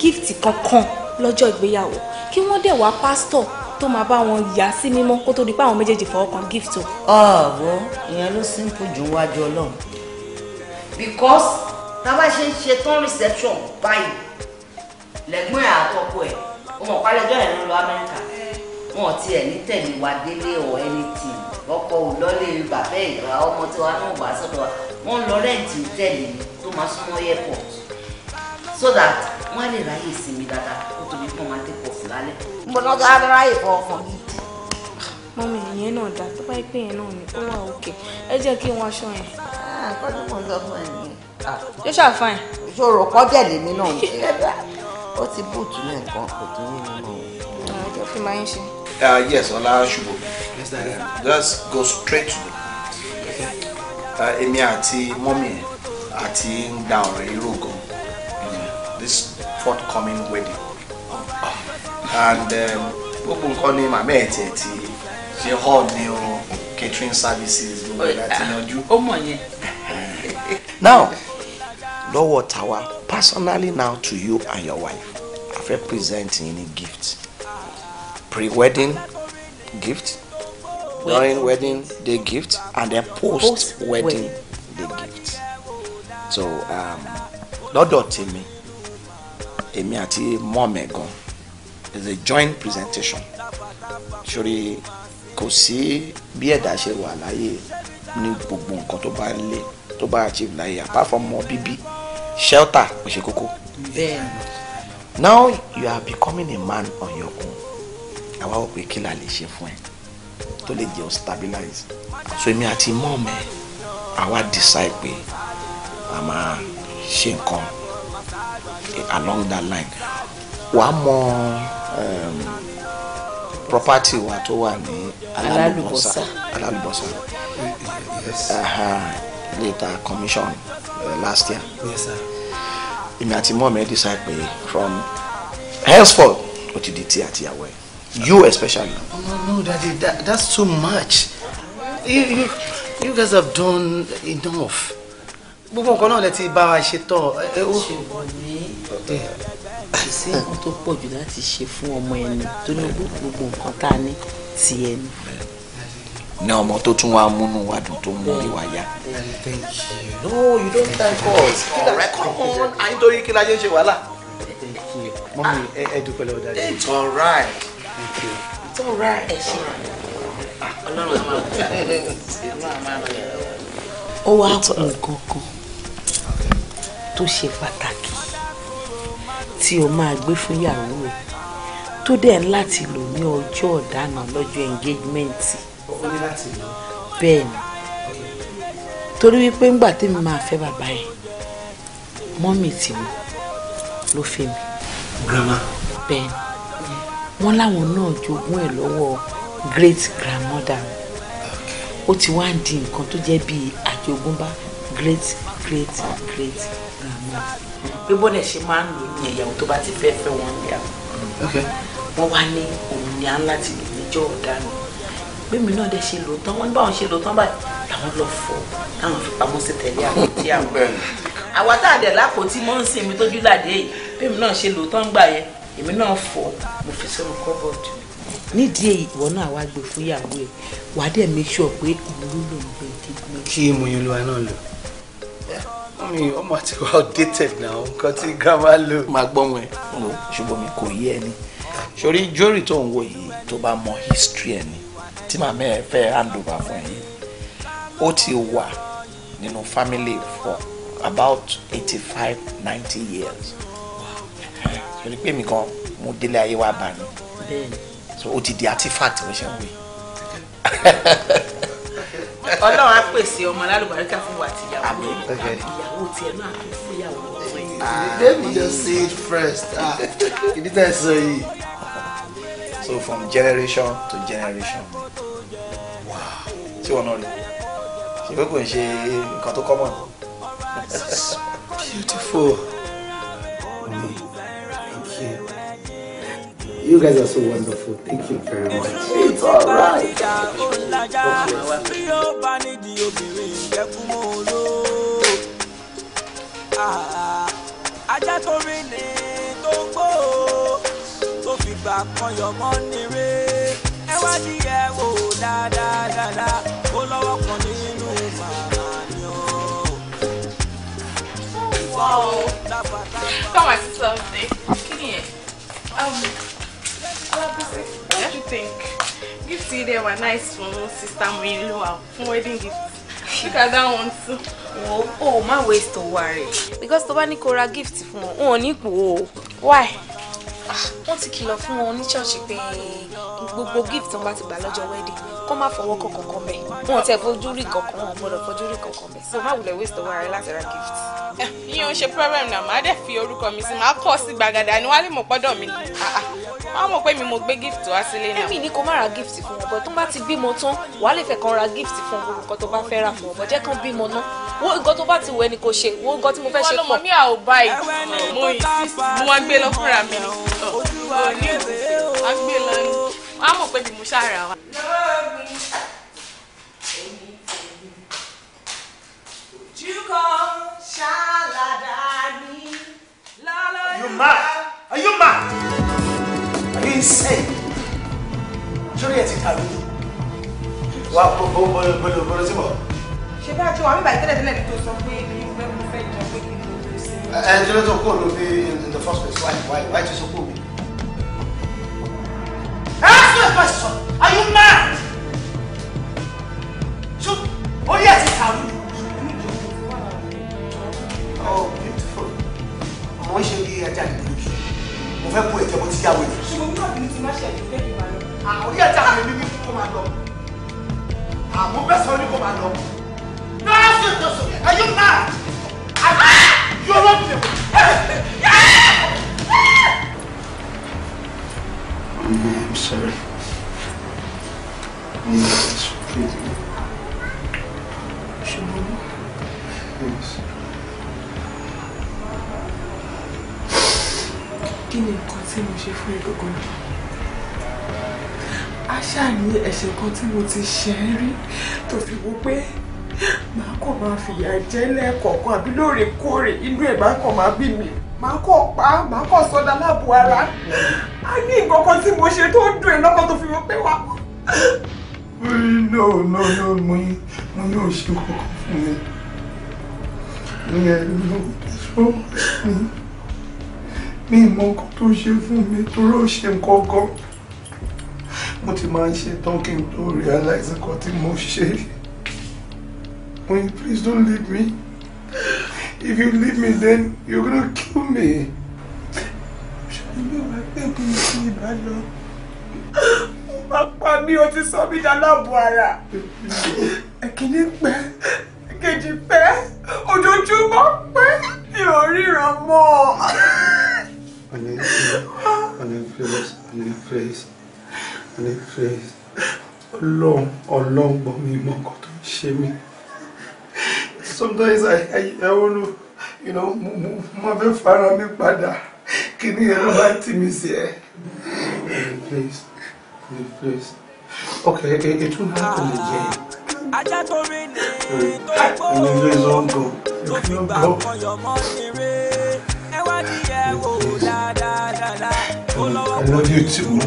Speaker 1: gift kankan lọ́jọ́ ìgbéyàwó kí wọ́n dẹ̀ wá pásítọ̀ tó máa bá wọn yà sí mímọ́ kó tó di pé àwọn méjèèjì fọwọ́ kan gift o.
Speaker 2: ọ̀bọ ìyẹn ló simple jù wájú ọlọ́run. because tá a bá ṣe ń ṣe reception báyìí lẹ́gbọ́n ẹ̀ àkọ́kọ́ ẹ̀ wọn mọ̀ pálẹ́jọ́ ẹ̀ ló lọ amẹ́ríkà wọn ti ẹ̀ ní tẹ̀lé wa délé or anything ọkọ̀ ò lọ́lé bàbá ìyá ọmọ tí wa náà wà sọ́dọ̀ wa wọ́n lọ rẹ́ǹtì tẹ̀lé tó máa súnmọ́ airport so that wọ́n á lè ráyè sinmi dáadáa kó tóbi kó máa dépọ̀ fún lálẹ́. mo lọ gba
Speaker 1: ráyè fọ ọkàn mi. mọ́mí ìyẹn náà dá tó bá yẹ pé ìyẹn náà ni ó wà òkè ẹ jẹ́ kí wọ́n aṣọ yẹn. àkọ́dún mọ̀ ń lọ fún ẹ̀yìn.
Speaker 2: yóò ṣàfihàn. ìṣòro kọ́jẹ̀ lèmi náà ń
Speaker 1: ó ti
Speaker 5: bóòtù ní nǹkan kò tó yé mi mọ́. ọjọ́ kí máa ń ṣe. Ah, yes ọlá ṣubú let's go straight to the point ah, èmi àti mọ́mì ẹ̀ àti ń da ọ̀rọ̀ irú gan this forthcoming wedding and um, gbogbo nǹkan ni màmá ẹ̀ tiẹ̀ ti ṣe hall ni o catering services gbogbo ẹ̀ láti yanjú. ó mọ̀ yẹn. now lọ́wọ́ tàwa personally now to you and your wife I've fẹ́ present yín ní gift pre-wedding gift during wedding day gift and then post-wedding day gift so um, lọ́dọ̀ tèmi èmi àti mọ́ọ̀mẹ́ gan is a joint presentation sórí kosi sí bí ẹ̀dá ṣe wà láyé ní gbogbo nǹkan tó bá ń lé tó achieve láyé apart from more bíbí shelter kò ṣe now you are becoming a man on your own àwa wò pé kí la lè ṣe fún ẹ tó lè jẹ́ o stabilize so èmi àti mọ́ mi àwa decide pé a máa ṣe nǹkan along that line wàá mọ um, property wa tó wà ní alálùbọ́sà alálùbọ́sà. Yes. Uh Later commission uh, last year. yes sir. èmi àti mọ́ mi decide pé from henceforth ó ti di tí àtìyàwó ẹ̀ you especially. no no daddy that, that's too much you, you, you guys have done enough gbogbo nǹkan náà lè ti bá wa ṣe tọ. ṣùgbọ́n ní kì í
Speaker 1: sí tó pọ̀ jù láti ṣe fún ọmọ ẹni tó ní gbogbo nǹkan tá a ní tiẹ̀ ni
Speaker 5: ní ọmọ tó tún wá múnú wa dùn tó mú ìwà yá. no you don't thank us kí la rẹ come on à ń torí kí la ṣe ń ṣe wàhálà. mọ́mí ẹ dúpẹ́ lọ́wọ́ dáadé. it's alright.
Speaker 1: it's alright. ẹ ṣe ọlọ́run máa ń ó wá nǹkan kan tó ṣe pàtàkì tí o máa gbé fún ìyàwó rẹ tó dẹ̀ láti lò ní ọjọ́ ọ̀daràn lọ́jọ́ engagement ó ní láti lọ. bẹ́ẹ̀ ni torí wípé ńgbà tí mi máa fẹ́ bàbá yẹn mọ́mì tì mí ló fẹ́ mi. grandma. bẹ́ẹ̀ ni wọ́n láwọn náà jogún ẹ̀ lọ́wọ́ great grandmother ó ti wá ń di nǹkan tó jẹ́ bíi àjogúnbá great great great grandmother. bí bọ́dẹ̀ ṣe máa ń lò ní ẹ̀yàwó tó bá ti fẹ́ fẹ́ wọn ní àwọn. wọ́n wá ní òun ni à ń láti lò níjọ́ ọ̀daràn bẹ́ẹ̀mi náà dẹ̀ ṣe lòótọ́ wọ́n ní báwọn ṣe lòótọ́ báyìí làwọn lọ fọ́ táwọn fi pamọ́ sí tẹ̀lé àpótí àwọn àwa tá a dẹ̀ lápótí mọ́ ń sin mi tójú làdé yìí bẹ́ẹ̀mi náà ṣe lòótọ́ ń gbà yẹn èmi náà fọ́ mo fi sínú kọ́bọ̀dù. nídìí èyí ìwọ náà wá gbé fún ìyàwó ẹ wàá dẹ̀ make sure pé ìlú ló ń gbé dé.
Speaker 5: kí mo yẹn lu àná lò mi ọmọ àti wa outdated now nǹkan tí grandma lò. máa gbọ́ wọn ṣùgbọ́n mi kò yé ẹni sórí jewelry tó ń wò yìí tó bá mọ history ẹni tí màmá ẹ fẹ́ handover fún yìí ó ti wà nínú family for about eighty five ninety years torí pé mi kan mo délé ayé wa bá ní so ó ti di artifact ó ṣe ń wí.
Speaker 1: ọlọ́run á pèsè ọmọ alálùbáríkà fún wa àtìyàwó ìyàwó tiẹ̀ náà fún ìyàwó. Ah. let me just say it first ibi ah. tẹ́
Speaker 5: ẹ yìí so from generation to generation tí wọn náà rí pé kò ń ṣe nǹkan tó common. you guys are so wonderful thank you very much.
Speaker 3: it's alright. yóò ah, ìgbà kan yọmọ nire ẹ wá di ẹ wò dáadáa ó lọ́wọ́ kan nínú màáyàn. wow come on sister ọ̀sẹ̀ kí ni ẹ̀
Speaker 1: alábísí um, what do you think gift yìí dẹ̀ wà nice fún sister mi ló fún wedding gift look at that one too. wo o ma waste owó rẹ. because tó bá ní kó ra gift fún ọ wọn ò ní kú o why wọ́n ti kìlọ̀ fún wọn ní ṣọ́ọ̀ṣì pé gbogbo gift wọn bá ti gbà lọ́jọ́ wedding kó má fọwọ́ kankan kan bẹ̀ wọn tẹ fojú rí kankan wọn gbọdọ̀ fojú rí kankan bẹ̀ so má wulẹ̀ waste owó ara láti ra gift. Eh, yíyan ṣe problem náà màá dẹ̀ fi orúkọ mi sí màá kọ́ sí gbàgàdà ni wálé mọ̀ pọ́dọ̀ mi. Ah, ah wọ́n mọ̀ pé mi mo gbé gift wá sílé náà. èmi ní kó má ra gift fún ọkọ tó bá ti bímọ tán wàá lè fẹ́ kàn ra gift fún gbogbo nǹkan tó bá fẹ́ rà fún ọkọ jẹ́ kàn bímọ náà wo nǹkan tó bá ti wọ ẹni kò ṣe wo nǹkan tí mo fẹ́ ṣe pọ̀. ọlọmọ mi à ò bá ì mo wá gbé lọ fúnra mi ni òní wá gbé lọ ni wọ́n mọ̀ pé mo ṣàrà wa.
Speaker 3: You mad? Are you mad?
Speaker 5: been said sórí ẹ̀ ti dàrú wà bọ̀lọ̀bọ̀lọ̀ sí mọ̀.
Speaker 4: ṣé bá a jọ àwọn ìbàdí tẹ́lẹ̀ tẹ́lẹ̀ tó sọ pé in
Speaker 5: the first place why why why ti sọ kó mi.
Speaker 4: ask me a question are you mad? so orí ẹ̀ ti
Speaker 5: dàrú. oh beautiful ọmọ ìṣèlú ajá ìgbìyànjú mo fẹ́ kó ẹ̀jẹ̀ mo ti yá wẹ̀.
Speaker 4: ṣùgbọ́n bí ọ̀gbìn ti má ṣe ẹ̀jẹ̀ fẹ́ kí máa lọ. àwọn ah, orí ẹ̀jẹ̀ àwọn èmi ní kó máa lọ. àmọ́ ah, bẹ́ẹ̀ sọ ní kó máa lọ. náà ṣe ìtọ́sọ ẹ̀yọ náà
Speaker 3: yóò lọ bìí.
Speaker 5: I'm sorry. I'm
Speaker 3: sorry.
Speaker 4: kí ni nǹkan tí mo ṣe fún ìgbọ̀ngàn náà a ṣáà ẹ̀ṣẹ̀ kan tí mo ti ṣe é rí tó fi wo pé màá kàn máa fìyà jẹ lẹ́ẹ̀kọ̀ọ̀kan àbí lóòrèkóòrè inú ẹ̀ máa kàn máa bí mi màá kàn pa màá kàn sọdá láàbò ara a ní nǹkan kan tí mo ṣe tó ń dùn ẹ̀ lọ́kàn tó fi wo pé wà. no no no mo ní mo ní òṣèlú kankan fún mi mi mọ nǹkan tó ṣe fún
Speaker 5: mi torí ó ṣe nǹkan mo ti máa ń ṣe tán kí n tó realize nǹkan tí mo ṣe when please don't leave me if you leave me then you're gonna kill me
Speaker 4: ṣàlùmí wàá pè mí sí ìbálò mo máa pa mí o ti sọ mí dáláàbò ara ẹ̀kíní pẹ́ kejì pẹ́ ojoojúmọ́ pẹ́ mi ò ríran mọ́ an
Speaker 5: influence an influence an influence ọlọ́run ọlọ́run gbọ́ mi mọ nǹkan tó ń shame me. sometimes I I I want to, you know move, mo very far, fara me, padà can you ẹ̀rọ bá tì mí sí ẹ. please please okay it náà kò lè jẹ. ajá tó rí ni tó gbó tó fi I love you too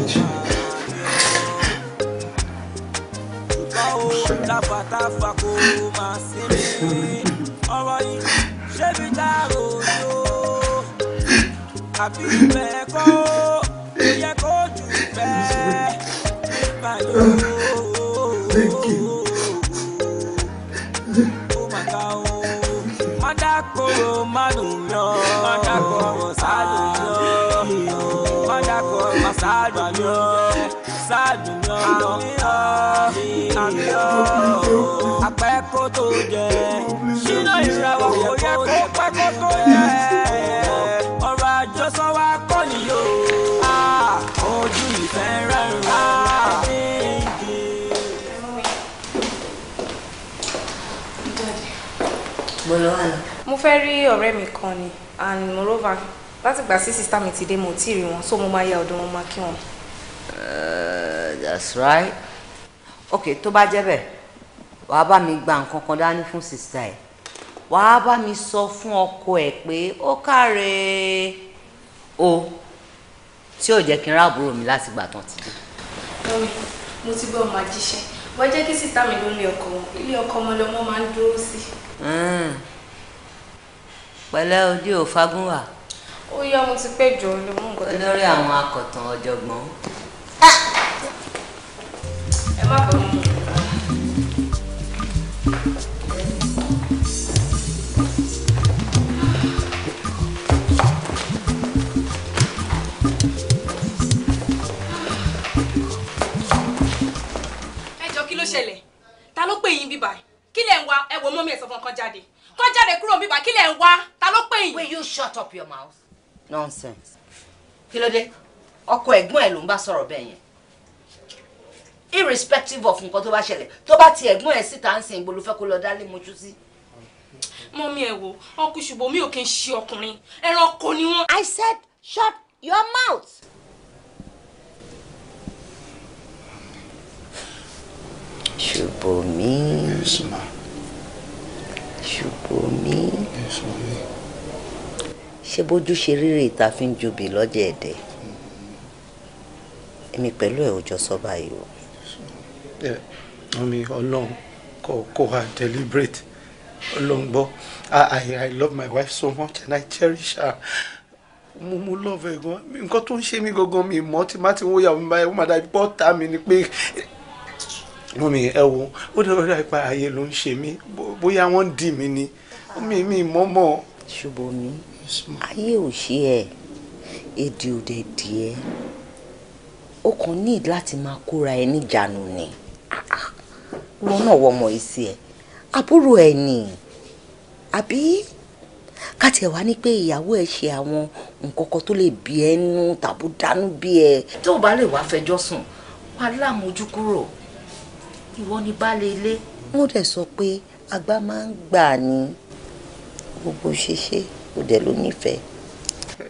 Speaker 3: sáàdù ni ó sáàdù ni ó àmì ó àpẹ́ kó tó jẹ ṣínà ìrẹ̀wọ̀ kò yẹ kó pẹ́ kó tó yẹ ọ̀rọ̀ àjọsọ wa kọ́ nìyó ojú ìfẹ́ rẹ̀ ń rà.
Speaker 1: mo fẹ́ rí ọ̀rẹ́ mi kan ni and moreover láti gbà sí sísá mi ti dé mo tí rí wọn so mo máa ya ọ̀dọ̀ wọn máa kí wọn.
Speaker 2: Uh, that's right ok tó bá jẹ́ bẹ́ẹ̀ wàá bá mi gba nǹkan kan dání fún sísá ẹ̀ wàá bá mi sọ fún ọkọ ẹ̀ pé ó káre o tí ò jẹ́ kí n rá àbúrò mi láti gbà tán ti dé.
Speaker 1: mọ́mi mo ti gbọ́ máa jíṣẹ́ wọ́n jẹ́ kí sísá mi ló ní ọkọ wọn ilé ọkọ wọn lọmọ máa ń dúró sí.
Speaker 2: Hmm. pẹ̀lẹ́ o dí ò fagún wà
Speaker 1: ó yá mo ti pẹ́ jọ ló mú nǹkan tó. olórí àwọn
Speaker 2: akọ̀tàn ọ̀jọ̀gbọ́n. ẹ má bọ̀ mọ́.
Speaker 1: ta ló pè yín bíbá kí lẹ̀ ń wá ẹ wò mọ́mí ẹ̀ sọ fún ọkàn jáde kọ́ jáde kúrò bíbá kí lẹ̀ ń wá ta ló pè yín. will you shut up your mouth
Speaker 2: nonsense kí ló dé ọkọ ẹ̀gbọ́n ẹ̀ ló ń bá sọ̀rọ̀ bẹ́ẹ̀ yẹn irrespective of nǹkan tó bá ṣẹlẹ̀ tó bá ti ẹ̀gbọ́n ẹ̀ síta ń sìn ìgbòlófẹ́ kó lọ dálé mojú sí.
Speaker 1: mọ́mí ẹ̀ wò ọkùnrin ṣùgbọ́n mi ò kí ń ṣe ọkùnrin ẹranko ni wọ́n. I said shut your mouth.
Speaker 2: Ṣùbọ́mi. Yes, ma. Ṣùbọ́mi. Yes, ṣé bójú ṣe rírì ta fi ń jubì lọ́jọ́ ẹ̀dẹ̀ èmi pẹ̀lú ẹ̀ ò jọ sọ báyìí o.
Speaker 5: mọ́mí ọlọ́run kò kò wá deliberate ọlọ́run gbọ́ I I love my wife so much and I cherish her mo mo love ẹ gan nǹkan tó ń ṣe mí gangan mi mọ́ tí má ti ń wóyàwó mi báyìí ó má dájú pọ́ ta mi ni pé mọ́mí ẹ wo ó dẹ́rọ̀ dá ipa ààyè ló ń ṣe mí bóyá wọ́n dì mí ni mi mi mọ́ mọ́. ṣùgbọ́n mi ayé ò ṣe ẹ èdè ò dẹ̀ díẹ̀
Speaker 2: o kàn ní láti máa kóra ẹ níjànú ni wọn náà wọ ọmọ yìí sí ẹ àbúrò ẹ nì àbí káti ẹ wá ní pé ìyàwó ẹ ṣe àwọn nǹkan kan tó lè bí ẹ nú tàbí dánú bí ẹ. tó o bá lè wá fẹjọ́ sùn wá láàmójú kúrò ìwọ ni baálé ilé. wọ́n dẹ̀ sọ pé àgbà máa ń gbà ní gbogbo ṣíṣe ó dẹ̀ ló nífẹ̀ẹ́.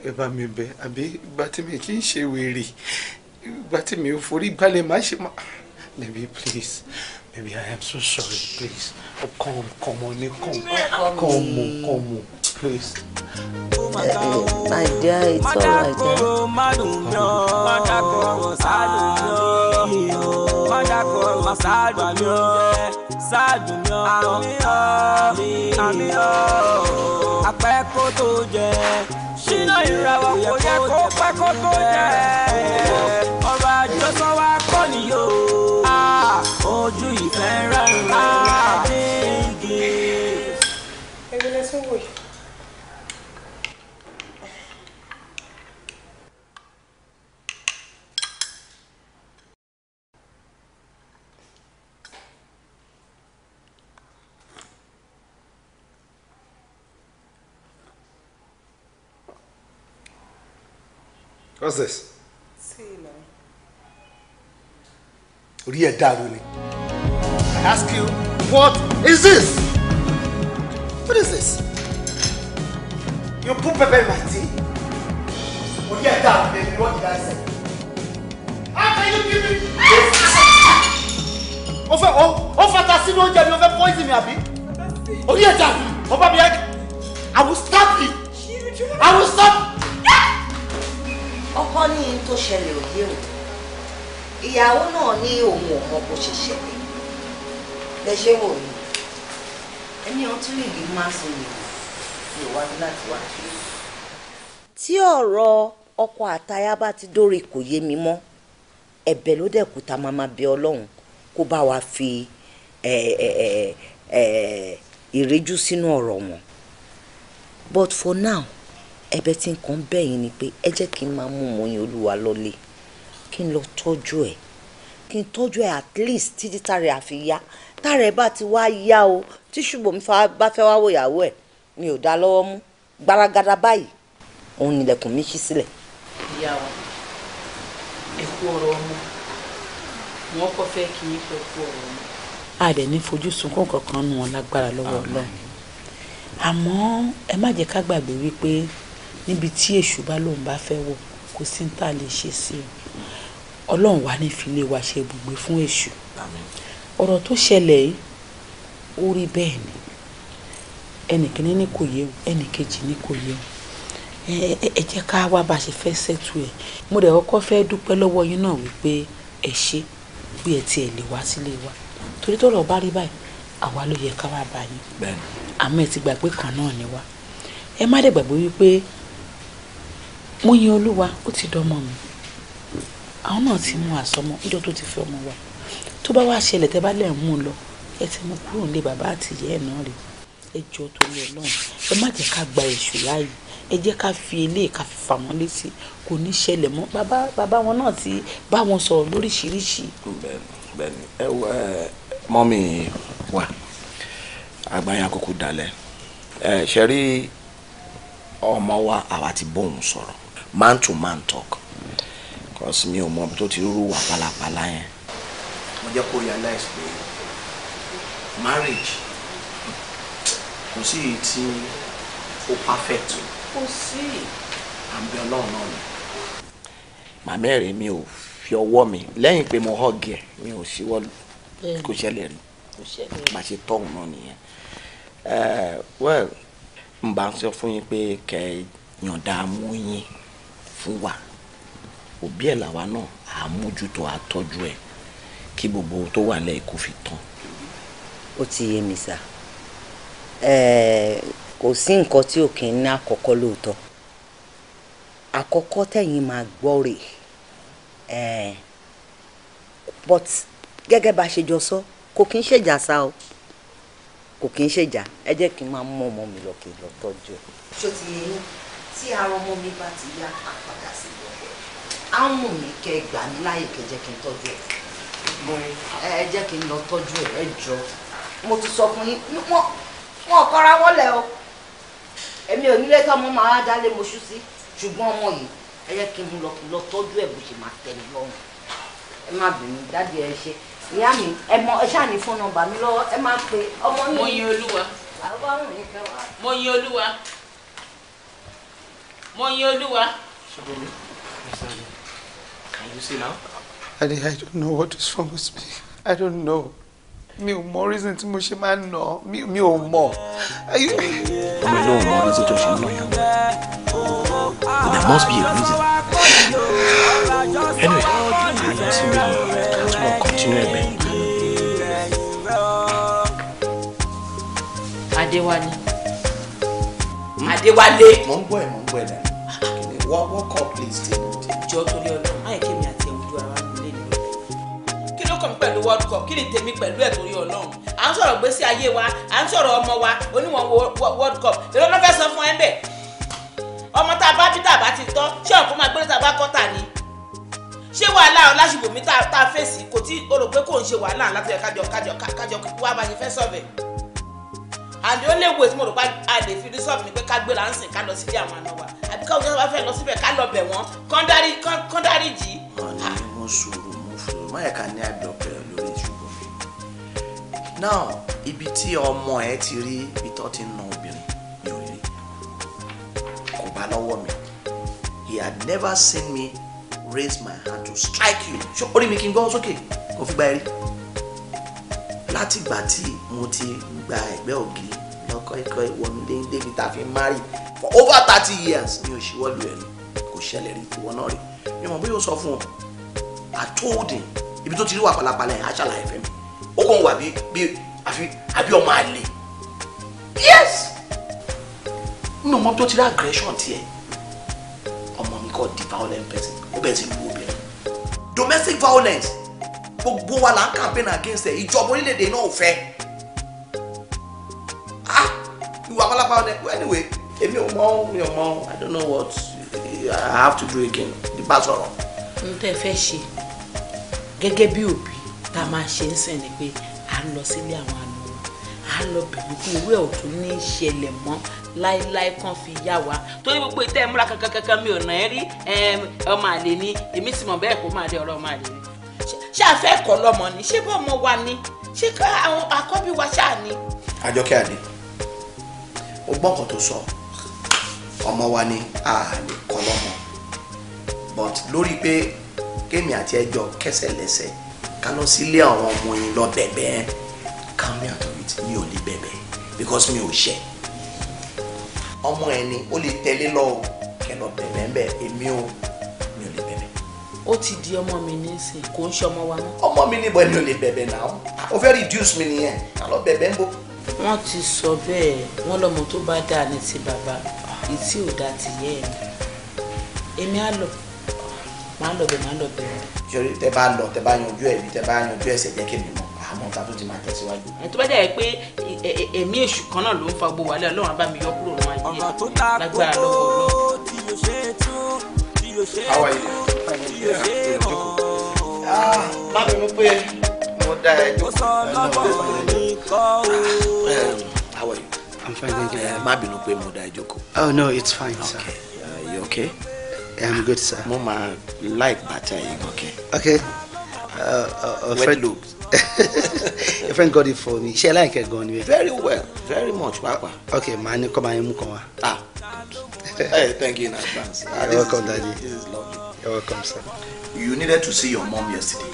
Speaker 5: ẹ bá mi bẹ̀ àbí ìgbà tí mi kì í ṣe wèrè ìgbà tí mi ò forí gbalẹ̀ má ṣe má baby please baby i am so sorry please come come on come come come please. my dear it's alright.
Speaker 3: Mọ́dàkọ̀ sálùmí o. Mọ́dàkọ̀ sálùmí o ṣáàdùn mi ọmọ àmì ọ apẹ́ kó tó jẹ ṣínà ìràwọ̀ kò yẹ kó pẹ́ kó tó jẹ ọba àjọsọ wa kọ́ nìyó ojú ìfẹ́ rẹ̀ rẹ̀ adé igi. ewúrẹ́ sọ́wọ́ yìí.
Speaker 5: What's this? Sailor. Orí ẹ̀ dàrú ni. I ask you, what is this? What is this? You put pepper in my tea? Orí ẹ̀ dàrú ni, what did I say?
Speaker 3: How can you give me
Speaker 4: this?
Speaker 5: O fẹ́ o o fata sínú oúnjẹ mi, o fẹ́ poison I will stop you. I will stop ọkọ ní in
Speaker 2: tó ṣẹlẹ̀ ò yé òun ìyàwó náà ní òun ọmọ kò ṣe ṣẹlẹ̀ lẹ wò ní ẹni ọtún ìdí máa sùn ní ìwádìí láti wá kí. tí ọ̀rọ̀ ọkọ àtaya bá ti dórí kò yé mi mọ́ ẹ̀bẹ̀ ló dẹ̀ ta máa máa bẹ ọlọ́run kó bá wa fi ìríjú sínú ọ̀rọ̀ wọn but for now ẹ̀bẹ̀ tí nǹkan bẹ́ẹ̀ yìí ni pé ẹ jẹ́ kí n máa mú ọmọ yẹn olúwa lọ́lé kí n lọ tọ́jú ẹ̀ kí n tọ́jú ẹ̀ at least títí tààrẹ àfi yá tààrẹ bá ti wá yá o tí ṣùgbọ́n mi bá fẹ́ wá wòyàwó ẹ̀ mi ò dá lọ́wọ́ mú gbaragada báyìí òun nílẹ̀kùn mi ṣí sílẹ̀. ìyá wa
Speaker 1: ẹ kú ọ̀rọ̀ ọmọ wọn kò fẹ́ kí yín fẹ́ kú ọ̀rọ̀ ọmọ. a lè ní fojú sunkún kankan nu wọn lágbára lọ́wọ́ Ọlọ́run àmọ́ ẹ má jẹ́ ká gbàgbé wípé níbi tí èṣù bá lòun bá fẹ́ wọ̀ kò sí ní tà lè ṣe sí i ọlọ́run wà ní ìfilé wa ṣe ibùgbé fún èṣù ọ̀rọ̀ tó ṣẹlẹ̀ yìí ó rí bẹ́ẹ̀ ni ẹnìkíní ní kò yé o ẹnìkejì ní kò yé o ẹ jẹ́ ká wá bá a ṣe fẹ́ ṣètò ẹ̀ mo dẹ̀ kọ́kọ́ fẹ́ dúpẹ́ lọ́wọ́ yín náà wípé ẹ ṣe bí ẹ tiẹ̀ lè wá sílé wa torí tọ́rọ̀ bá rí báyìí àwa ló yẹ ká wá bá yín àmọ́ ẹ ti gbàgbé kan náà ni wá ẹ má dẹ̀ gbàgbé wípé mo yin olúwa ó ti dọmọ mi àwọn náà ti mú àsọmọ níjọ tó ti fi ọmọ wa tó bá wá ṣẹlẹ̀ tẹ́ bá lẹ̀ ń mú un lọ ẹ ti mú kúrò nílé bàbá àti ìyá ẹ̀ náà rè ẹ jọ torí ọlọ́run ẹ má jẹ́ ká gba èṣù láàyè ẹ jẹ́ ká fi eléyìí ká fi fà wọ́n létí kò ní ṣẹlẹ̀ mọ́ bàbá bàbá wọn náà ti bá wọn sọ̀rọ̀ lóríṣiríṣi. bẹ́ẹ̀ni bẹ́ẹ̀ni ẹ wọ ẹ
Speaker 5: mọmi wa àgbáyé àkókò dalẹ̀ ẹ ṣe rí ọmọ wa àwa ti bóun sọ̀rọ̀ man to man talk cause mi ò mọ ibi tó ti rú wà pálapàla yẹn. mo jẹ́ kó realize pé marriage kò sí èyí tí ó perfect o. kò sí. àbí ọlọ́run náà ni. màmá ẹ̀rẹ̀ mi ò fi ọwọ́ mi lẹ́yìn pé mo hug ẹ̀ mi ò ṣíwọ́ kò ṣẹlẹ̀ rí bá ṣe tọ́ ọ̀nà nìyẹn. Eh, well n bá ń sọ fún yín pé kẹ́ ẹ̀ yọ̀ǹda mú yín fún wa òbí ẹ̀ làwa náà àmójútó àtọ́jú ẹ̀ kí gbogbo tó wà lẹ́yìn kò fi tán.
Speaker 2: ó ti yé mi sá kò sí nǹkan tí òkè ní àkọ́kọ́ lóòótọ́ àkọ́kọ́ tẹ̀yìn máa gbọ́ rè but gẹ́gẹ́ bá a ṣe jọ sọ kò kí ń ṣèjà sá o kò kí ń ṣèjà ẹ jẹ́ kí n máa mú ọmọ mi lọ kí n lọ tọ́jú ẹ̀. ṣó ti yé yín tí ara ọmọ mi bá ti yá àpàdà sí gbogbo á mú mi kẹ gbà mí láàyè kẹjẹ kí n tọ́jú ẹ̀ mo ẹ jẹ́ kí n lọ tọ́jú ẹ̀ ẹ jọ mo ti sọ fún yín wọn kọ́ra wọlé o èmi ò nílé tọ́ mo máa dálé mo ṣú sí ṣùgbọ́n ọmọ yìí ẹ jẹ́ kí n lọ lọ tọ́jú ẹ̀ bó ṣe máa tẹ̀ mí lọ́rùn ẹ má bínú dáàdi ẹ ṣe ìyá mi ẹ mọ ẹ ṣáà ní fún
Speaker 1: nọ́mbà mi lọ́wọ́ ẹ má pe ọmọ yìí. mo yin olúwa mo yin olúwa mo yin olúwa.
Speaker 5: Can you see now? Adi, I don't know what is wrong with me. I don't know. Mi ò mọ reason tí mo ṣe máa ń nà mi ò mọ. Ọmọ ilé
Speaker 3: ò mọ reason tó ṣe ń nà yàn. There must be a reason. Anyway, I don't see me. I continue ẹ̀bẹ̀. Adéwálé.
Speaker 1: Adéwálé.
Speaker 5: mo ń gbọ́ ẹ̀ mo ń gbọ́ ẹ̀ dà wọ́n wọ́n kọ́ please dé. ìjọ tó lé ọdún
Speaker 1: máyì kémi àti ẹ̀wù ju ara mi lé nílé. kí ló kàn pẹ̀lú world cup kí ni tèmi pẹ̀lú ẹ̀ torí Ọlọ́run à ń sọ̀rọ̀ gbèsè ayé wa à ń sọ̀rọ̀ ọmọ wa oníwọ̀n world cup èrò ló fẹ́ sọ fún ẹ bẹ́ẹ̀ ọmọ tá a bá bí tá a bá ti tọ́ ṣé ọ̀pọ̀ máa gbé tá a bá kọ́ tà ni ṣé wàhálà ọlásùbòmí tá a fèsì kò tí o kò ń ṣe wàhálà láti ẹ̀ kájọ kájọ kájọ wá bá ṣe fẹ́ sọ̀rọ̀ and the only way tí mo rò pa a lè fi resolve ni pé ká gbé lansìn ká lọ sílé àwọn àna wa àbí ká òjò wa fẹ́ lọ síbẹ̀ ká lọ bẹ̀ wọ́n kọ́ńdárì kọ́ńdárì jì.
Speaker 5: ọ̀nà ni mo sọ̀rọ̀ mo fún un máyà ká ní àgbọ̀pẹ̀ lórí ṣùgbọ́n náà ibi tí ọmọ ẹ ti rí ibi ti ń na obìnrin mi ò rí kò bá lọ́wọ́ mi he had never seen me raise my hand to strike you So orí mi kí n gbọ́ sókè kò fi gba ẹ rí látìgbà tí mo ti gba ẹ̀gbẹ́ ògiri lọ́kọ́ ikọ̀ ìwọ̀nù débi tá a fi marry for over thirty years mi ò ṣíwọ́lu ẹ̀ kò ṣẹlẹ̀ rí ìwọ náà rí mi mọ̀ bóyá ó sọ fún ọ àtòòdì ibi tó ti rí wà pàlàpàlà yẹn aṣàlàyé fẹ́ mi ó kàn wà bí àbí ọmọ àlè yes mi ò mọ̀ tó ti rí aggression tiẹ̀ ọmọ mi kọ́ di violent person ó bẹ̀rẹ̀ sí lu obìnrin domestic violence gbogbo wa là ń campaign against ẹ̀ ìjọba orílẹ̀-èdè náà ò fẹ́ ah ìwà pálápá ọdẹ anyway èmi ò mọ ohun mi ò mọ i don't know what i have to do again The nípa sọ̀rọ̀.
Speaker 1: n tẹ́ fẹ́ ṣe gẹ́gẹ́ bí òbí tá a máa ṣe ń sìn ni pé à ń lọ sílé àwọn àna wa à ń lọ bẹ̀rù kí irú ẹ̀ ò tún ní í ṣẹlẹ̀ mọ́ láíláí kan fi yá wa torí gbogbo ìtẹ́ ìmúra kankan kankan mi ò nà ẹ́ rí ọmọ àlè ni èmi sì mọ̀ bẹ́ẹ̀ kó máa dé ọ̀rọ̀ ọmọ àlè ni ṣé a fẹ́ kọ́ lọ́mọ ni ṣé bọ́ ọmọ wa ni ṣé àwọn àkọ́bí wa ṣáà ni.
Speaker 5: àjọkẹ́ àdé ó gbọ́kàn tó sọ ọmọ wa ni a lè kọ́ lọ́mọ but lórí pé kémi àti ẹjọ́ kẹsẹ̀ lẹ́sẹ̀ ká lọ sílé àwọn ọmọ yìí lọ bẹ̀bẹ̀ calm down to it mi ò lè bẹ̀bẹ̀ because mi ò ṣẹ̀ ọmọ ẹni ó lè tẹ̀lé lọ o kẹ lọ bẹ̀bẹ̀ ń bẹ̀ èmi o mi ò lè bẹ̀bẹ̀.
Speaker 1: ó ti di ọmọ mi nísìnyí kò ń ṣe ọmọ wa mọ́. ọmọ mi níbo ẹni ò lè bẹ̀bẹ̀ náà ó fẹ́ reduce mi nìyẹn ká lọ bẹ̀bẹ̀ ń bọ̀ wọ́n ti sọ bẹ́ẹ̀ wọ́n lọ́mọ tó bá dáa ní ti bàbá ìtì ò dáa ti yẹ ẹ̀ èmi á lọ máa lọ bẹ máa lọ bẹ.
Speaker 5: sori tẹ bá lọ tẹ bá yanjú ẹ tẹ bá yanjú ẹsẹ jẹ kí mi mọ àmọ́ ta tó ti máa
Speaker 1: tẹsíwájú. ẹ tó bá jẹ́ pé ẹ̀mí èṣù kan náà ló ń fa gbogbo wàhálà ọlọ́run bá mi yọ kúrò nínú ayé ọ̀rọ̀ tó ta
Speaker 5: kókó
Speaker 3: tí yóò ṣe tó tí
Speaker 5: ah, mo dá ẹ jókòó kọ́ o. How are you? I'm fine, thank you. Eh, má bínú pé mo dá ìjókòó. Oh no, it's fine, sir. Okay, uh, you okay? I'm good, sir. Mo máa like bàtà yìí gòkè. Okay. Uh, uh, uh, friend look. friend got it for me. She like it gan ni? Very well, very much pàápàá. Uh, okay, màá ní kọ́ máa yín mú kan wá. Ah, good. Hey, thank you in advance. Ah, you're welcome, daddy. This is lovely. You're welcome, sir. You needed to see your mom yesterday.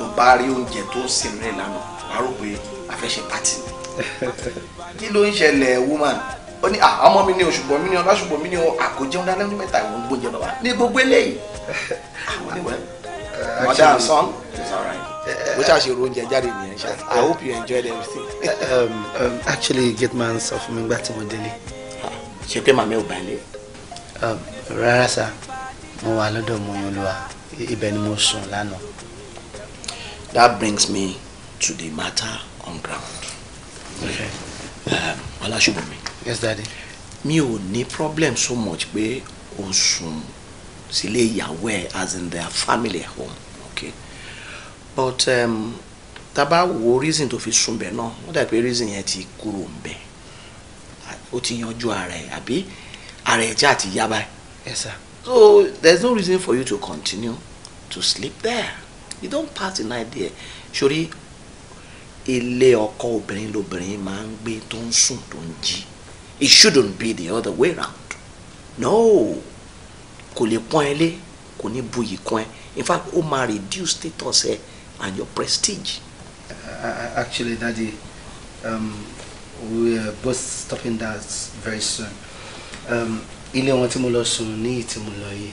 Speaker 5: To bá rí oúnjẹ tó sinmi lánàá, a rò pé fẹ́ ṣe pàtì
Speaker 4: ni
Speaker 5: kí ló ń ṣẹlẹ̀ woman ó ní ah, ọmọ mi ní o mi ní ọlá ṣùgbọ́n mi ní o àkójẹun dáná mẹ́ta ìwọ̀n gbóúnjẹ lọ́wọ́ ní gbogbo eléyìí àwọn ah, oníwẹ̀ mother and son is alright oúnjẹ jáde nìyẹn ṣá I hope you enjoyed everything. Um, um, actually get man sọ fún mi gbà tí mo délé. ṣe pé màmí ò bá lé. Um, rárá sá mo wà lọ́dọ̀ mo yan olúwa ibẹ̀ ni mo sùn lánàá. that brings me to the matter on ground. Okay. Um, ehm, Ọláṣubọ̀mí. Yes, daddy. Mi ò ní problem so much pé o sùn sílé ìyàwó ẹ̀ as in their family home. Okay. But um, tá bá wo reason to fi sùn bẹ̀ náà ó dàbí reason yẹn ti kúrò ń bẹ̀ ó ti yanjú ara ẹ̀ àbí ara ẹ̀ já ti yá Yes, sir. So there's no reason for you to continue to sleep there. You don't pass the night there. Sori ilé ọkọ obìnrin lobìnrin máa ń gbé tó ń sùn tó ń jí it shouldn't be the other way round no kò lè pọ́n ẹ lé kò ní buyì kan ẹ in fact ó máa reduce status ẹ and your prestige. Uh, actually daddy um, we are both stopping that very soon um, ilé wọn tí mo lọ sùn ní ìtì mo lọ yìí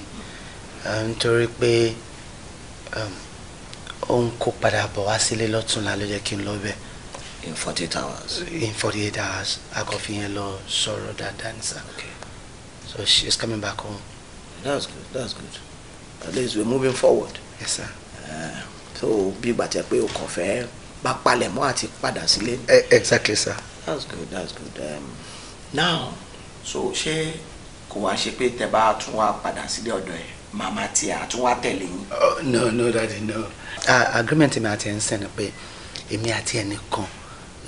Speaker 5: nítorí pé. Um, òun kò padà bọ̀ wá sílé lọ́túnla ló jẹ́ kí n lọ bẹ́ẹ̀. in forty eight hours. in forty eight hours akọ̀fìyẹn lọ sọ̀rọ̀ dáadáa ní sá. okay so she is coming back home. that's good that's good at least we're moving forward. yes sir. Eh, so bí gbàtẹ́ pé o kàn fẹ́ bá palẹ̀ mọ́ àti padà sílé. E, exactly sir. that's good that's good um, now so ṣé kò wá ṣe pé tẹ bá tún wá padà sílé ọ̀dọ̀ ẹ̀ màmá tí a tún wá tẹ̀lé yín. Oh, no no daddy no agreement mi àti ẹ̀ ń sẹ̀ ni pé èmi àti ẹnì kan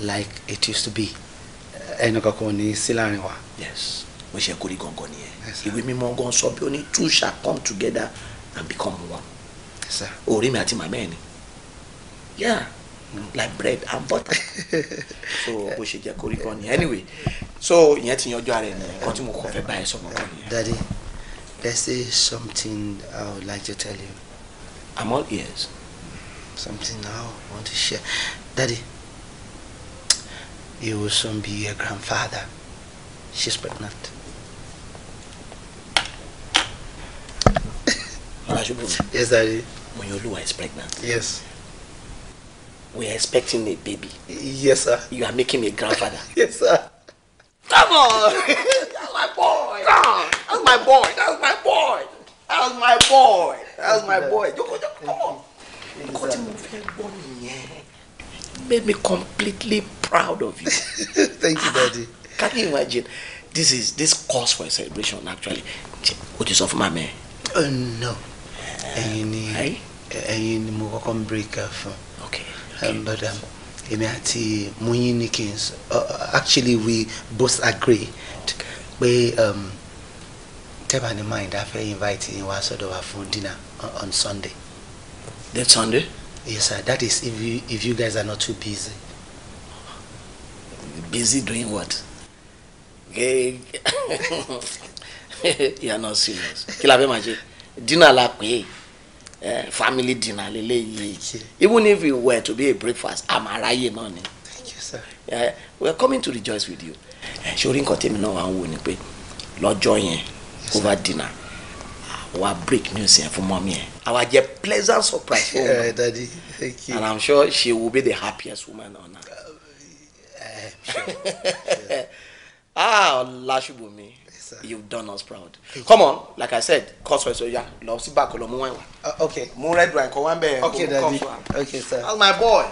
Speaker 5: like it used to be ẹnì kankan ò ní sí láàrin wa. yes mo ṣe kórìí gangan nìyẹn ìwé mímọ́ gan sọ bí ó ní two shall come together and become one. Yes, orí mi àti màmá ẹ̀ ni yeah mm. like bread and butter so bó ṣe jẹ́ kórìí gan nìyẹn anyway so ìyẹn ti yanjú ara ẹ̀ nìyẹn kan tí mo kọ́ fẹ́ bá ẹ sọ̀rọ̀ kan nìyẹn. daddy there's something i would like to tell you. i'm all ears. something now I want to share. Daddy, you will soon be a grandfather. She's pregnant. yes, Daddy. Monyolua is pregnant. Yes. We are expecting a baby. Yes, sir. You are making me a grandfather. yes, sir.
Speaker 3: Come on! That's
Speaker 5: my boy! God. That's my boy! That's my boy! That's my boy! That's my boy! Come on! nǹkan tí mo fẹ́ gbọ́ nìyẹn made me completely proud of you. thank you daddy. Ah, can you imagine this is this calls for a celebration actually o ti sọ fún màmá ẹ. Oh, no ẹ̀yin ni ẹ̀yin ni mo kọ́kọ́ ń break up fún. okay okay um, but um, èmi àti muyin ni kì í sọ uh, uh, actually we both agree pé um, tẹ́bà ní mind a fẹ́ invite yín wá sọ́dọ̀ wa fún dinner on sunday. That Sunday? Yes, sir. That is if you, if you guys are not too busy. Busy doing what? you are not serious. Kí maji. Dinner la pè Family dinner leléyìí. Even if it were to be a breakfast, I'm náà ni. Thank you, sir. Yeah, we are coming to rejoice with you. Showing nǹkan tèmi náà wà ń wò ni pé lọ́jọ́ over dinner wàá break news yẹn fún mọ́mí yẹn àwa jẹ pleasant surprise fún wọn eh, daddy thank you and i'm sure she will be the happiest woman on earth. Um, eh, ah Ọlásùbùnmi yes, sir. you've done us proud come on like i said cause wẹsẹ ya lọ sí báàkì lọ mú wáyé uh, okay mú red wine kọ wá bẹ́ẹ̀ okay daddy okay sir. how's my boy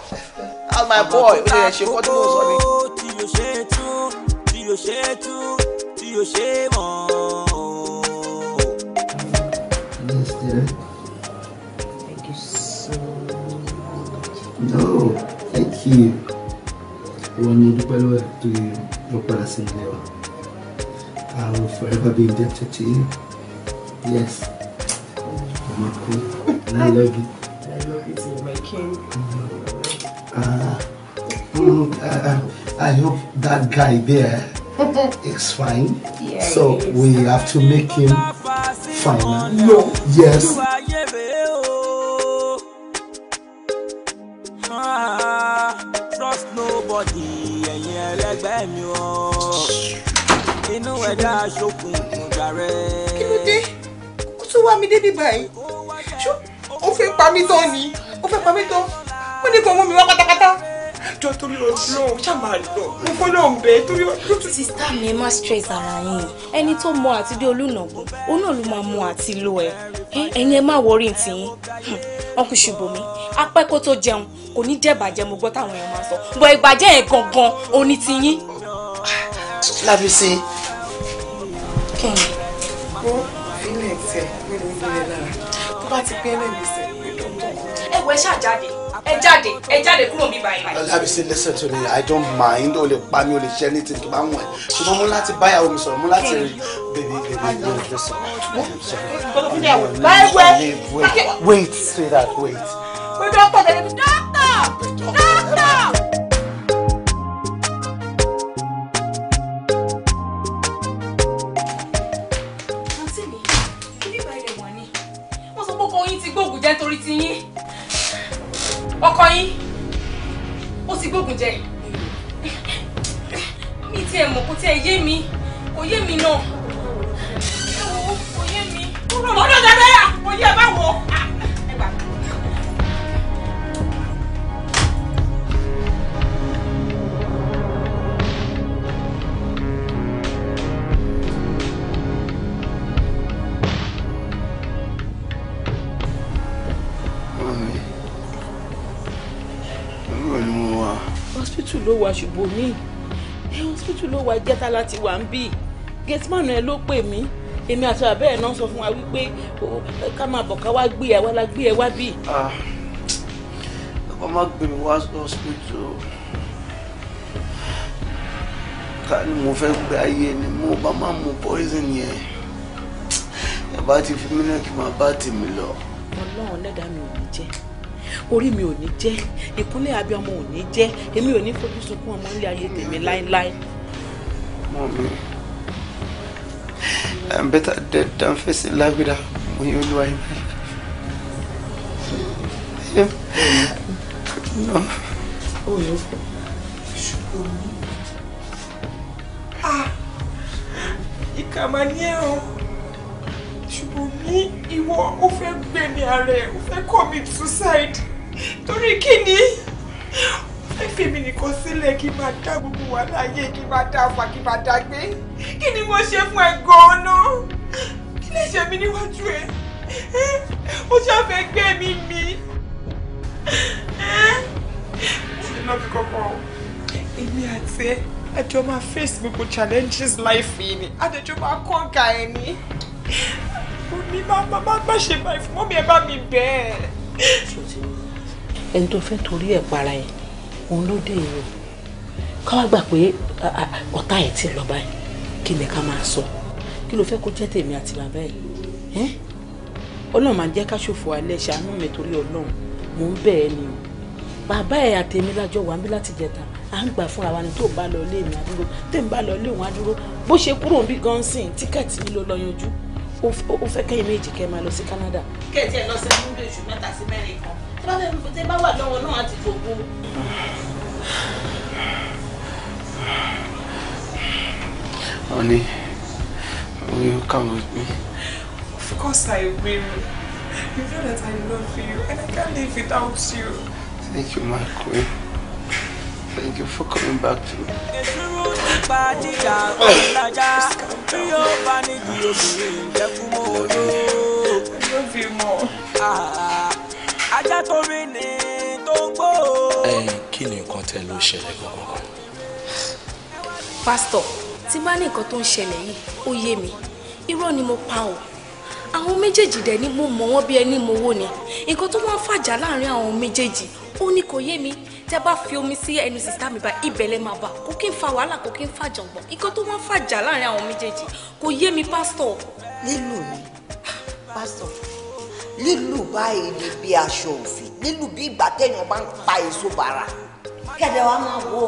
Speaker 3: how's my boy o lè ṣe fọ́tún lóòótọ́ ni. tí yóò ṣe tú tí yóò ṣe tú tí yóò ṣe mọ́.
Speaker 1: Thank you so
Speaker 4: much. No,
Speaker 5: thank you. Ìwọ ni dúpẹ́ lọ́wọ́ tó yẹ lọ padà sí ilé wa. I will forever be indebted to you. Yes. Mama kú. I love you.
Speaker 4: I love you too, my king. Mm-hmm.
Speaker 5: Uh, mm, uh, I hope that guy there. it's fine. Yes. So we have to make him fine. No. Yes.
Speaker 3: Ah, trust nobody, ẹ̀yin ẹlẹgbẹ́ mi o. Inú ẹ̀dá aṣokùnkùn jàre. Kí ló dé?
Speaker 4: Ó tún wá mi débi báyìí. Ṣé o fẹ́ pa mí tán ni? O fẹ́ pa mí tán? Ó ní kí ọmọ mi wá pátápátá jọ torí ọlọ́run ṣá máa lọ mo fọ́nà ọ̀bẹ torí ọlọ́run.
Speaker 1: sista mi ẹ má stress ara yín ẹni tó mọ àtidé olùnàgbọ òun náà ló máa mọ àti lo ẹ ẹyin ẹ má wọrí tìyín ọkùn ṣùgbọ́n mi apẹ́ kó tó jẹun kò ní jẹ́ ìbàjẹ́ mo gbọ́ táwọn èèyàn máa sọ bọ̀ ìbàjẹ́ yẹn gangan òní tìyín. Lábísí.
Speaker 4: kí ni. ó fi ilé ẹ̀ tẹ̀ nínú ilé lára tó bá ti
Speaker 1: pín ẹlẹ́mìí sẹ́yìn ẹ wọ ṣáà jáde ẹ jáde ẹ jáde kúrò bí báyìí.
Speaker 4: Lábísí
Speaker 5: listen to me I don't mind o lè pa mi o lè ṣe anything tó bá wọ̀n ẹ̀ ṣùgbọ́n mo láti báyàwó mi sọ̀rọ̀ mo láti rí bèbè bèbè mi ò lè sọ̀rọ̀. Wait sweetheart wait.
Speaker 4: Pé dókítà tẹ̀lé mi dókítà dókítà.
Speaker 1: jẹ́ torí ti yín ọkọ yín ó ti gbógun jẹ mi tí ẹ mọ̀ kó tí ẹ yé mi kò yé mi
Speaker 3: náà ẹ kò yé mi kúrò lọ́dọ̀ dáadáa kò yé ẹ báwo.
Speaker 1: ló wà ṣùgbọ́n mi ẹ hospital ló wà jẹ́ta láti wà ń bì gateman ẹ ló pè mí èmi àti bàbá ẹ̀ náà sọ fún wa wípé ká máa bọ̀ ká wá gbé ẹ wá la gbé ẹ wá bì.
Speaker 5: Ah, ọkọ má gbé mi wá hospital ká ni mo fẹ́ gbé ayé ni mo bá má mu poison yẹn ẹ bá ti fi mílíọ̀nù kí n máa bá tèmi lọ.
Speaker 1: ọlọ́run lẹ́dàá mi ò ní jẹ́ orí mi ò ní jẹ́ ìkúnlẹ̀ abiyamọ ò ní jẹ́ èmi ò ní fojú sunkún ọmọ ilé ayé tèmi láéláé.
Speaker 3: mọ̀mí
Speaker 5: i'm better dead than facing life without Oyin Olúwa yìí.
Speaker 4: No. Oyo. Ṣùgbọ́n. Ah! Ìkà máa ní ẹ̀ o ṣùgbọ́n ní ìwọ ó fẹ́ gbẹ̀mí ara ẹ̀ ó fẹ́ commit suicide torí kí ni fífi mi nìkan sílẹ̀ kí máa dá gbogbo wa láyé kí máa dá fà kí máa dá gbé kí ni mo ṣe fún ẹ gan-an náà kí lè ṣe mí níwájú ẹ ó ṣàfẹ́ gbé mi mi ṣe náà fi kọ́kọ́ o èmi àti ẹ àjọ máa face gbogbo challenges life yìí ni àjọ máa kọ́ǹkà ẹ ní omi máa máa má ṣe báyìí fún mọ́mí ẹ bá mi bẹ́ẹ̀
Speaker 1: ẹni tó fẹ́ torí ẹ̀ para ẹ̀ òun ló dé ìwò káwá gbà pé ọ̀tá ẹ̀ ti lọ báyìí kí ni ká máa sọ kí ló fẹ́ kó jẹ́ tèmi àti bàbá ẹ̀ ọlọ́run máa jẹ́ ká ṣòfò alẹ́ ṣàánú mi torí ọlọ́run mò ń bẹ̀ ẹ́ ni o bàbá ẹ̀ àtẹ̀mí lájọ wà ń bí láti jẹta à ń gbà fúnra wa ni tó bá lọ ilé mi àdúró tó ń bá lọ ilé òun àdúró bó ṣe kúrò ń bí gan sìn tíkẹ́ẹ̀tì mi ló lọ yanjú ó fẹ́ kẹ́yìn méjì kẹ́ máa lọ sí Canada. kẹ́ẹ̀tì ẹ̀ lọ sí ẹ̀mú mẹ́ta sí mẹ́rin kan
Speaker 5: Honey, will you come with me?
Speaker 4: Of course I will. You know that I
Speaker 3: love you and I can't live without you.
Speaker 5: Thank you, my queen. Thank you for coming back to me.
Speaker 3: I love you more. Ah ajá tó rìn ní tó ń gbó.
Speaker 5: ẹyin kí ni nǹkan tẹ ló ṣẹlẹ̀ gbọ̀ngàn.
Speaker 1: pásítọ̀ tí bá ní nǹkan tó ń ṣẹlẹ̀ yìí ó yé mi irọ́ ni mo pa ọ́ àwọn méjèèjì dẹ̀ ni mo mọ̀ wọ́n bí ẹni mo wò ni nǹkan tó wọ́n fàjà láàrin àwọn méjèèjì ó ní kò yé mi tẹ́ bá fi omi sí ẹnu sìtá mi bá ibẹ̀ lẹ́ máa bà kò kí n fa wàhálà kò kí n fa jàǹgbọ̀n nǹkan tó wọ́n fàjà láàrin àwọn méjèèjì kò yé mi pásítọ̀. lílù mi pásítọ̀ lílù
Speaker 2: báyìí ni bí aṣọ òfì lílù bí ìgbà téèyàn bá ń pa èso bàrà kẹ̀dẹ̀ wa máa wo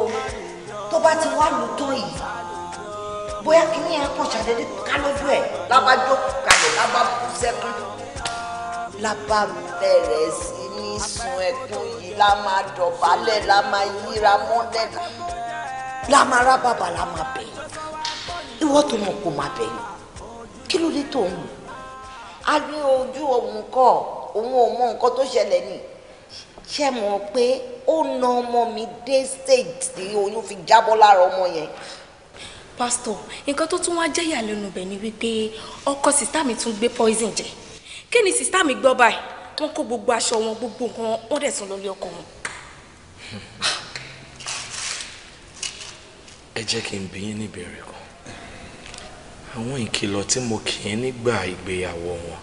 Speaker 2: tó bá ti wá lù tán yìí bóyá kínní ẹ̀ kàn ṣàdédé ká lójú ẹ̀ lábàjọ́ kalẹ̀ lábàbù sẹ́kún lábà bẹ̀rẹ̀ sí ní sun ẹkún yìí la máa dọ̀bálẹ̀ la máa yíra mọ́lẹ̀ la máa rá la máa bẹ̀yìn ìwọ tó mọ̀ kó máa bẹ̀yìn kí ló dé tó ń mú a ní ojú òun kọ́ òun ò mọ nǹkan tó ṣẹlẹ̀ ni ṣe mọ̀ pé ó na ọmọ mi dé stage
Speaker 1: tí oyún fi jábọ́ lára ọmọ yẹn pásítọ̀ nǹkan tó tún wáá jẹ́ ìyàlẹ́nu bẹ̀ ni wípé ọkọ sìstá mi tún gbé poison jẹ kí ni sìstá mi gbọ́ báyìí wọ́n kó gbogbo aṣọ wọn gbogbo nǹkan wọ́n dẹ̀ tún lọ lé ọkọ wọn.
Speaker 5: ẹ jẹ́ kí n bi yín níbẹ̀rẹ̀ kan àwọn ìkìlọ̀ tí mo kì í nígbà ìgbéyàwó wọn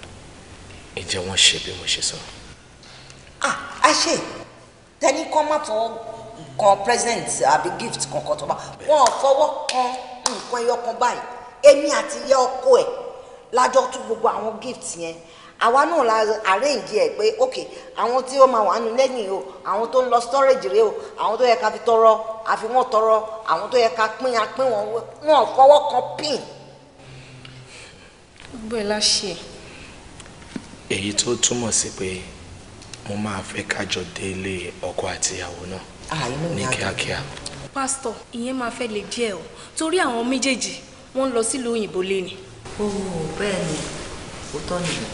Speaker 5: ìjẹ́ wọ́n ṣe bí mo ṣe sọ.
Speaker 2: ah àṣẹ tẹni kan má fọwọ́ kan present àbí gift kankan tó bá wọn ò fọwọ́ kan nǹkan ẹyọ kan báyìí èmi àti ìyá ọkọ ẹ̀ lájọ tún gbogbo àwọn gift yẹn àwa náà la arrange ẹ pé ok àwọn tí ó máa wà nù lẹ́yìn o àwọn tó ń lọ storage rẹ o àwọn tó yẹ ká fi tọrọ àfi wọ́n tọrọ àwọn tó yẹ ká pín apín wọn wọn fọwọ́ kan pin
Speaker 1: gbogbo ẹ̀ la ṣe.
Speaker 5: èyí tó túmọ̀ sí pé mo máa fẹ́ kájọ délé ọkọ àtìyàwó náà ah, ní kíákíá.
Speaker 1: pásítọ̀ ìyẹn máa fẹ́ lè díẹ̀ o torí àwọn méjèèjì wọ́n ń lọ sílùú òyìnbó léni. ó bẹ́ẹ̀ ni
Speaker 5: òótọ́ nìyẹn.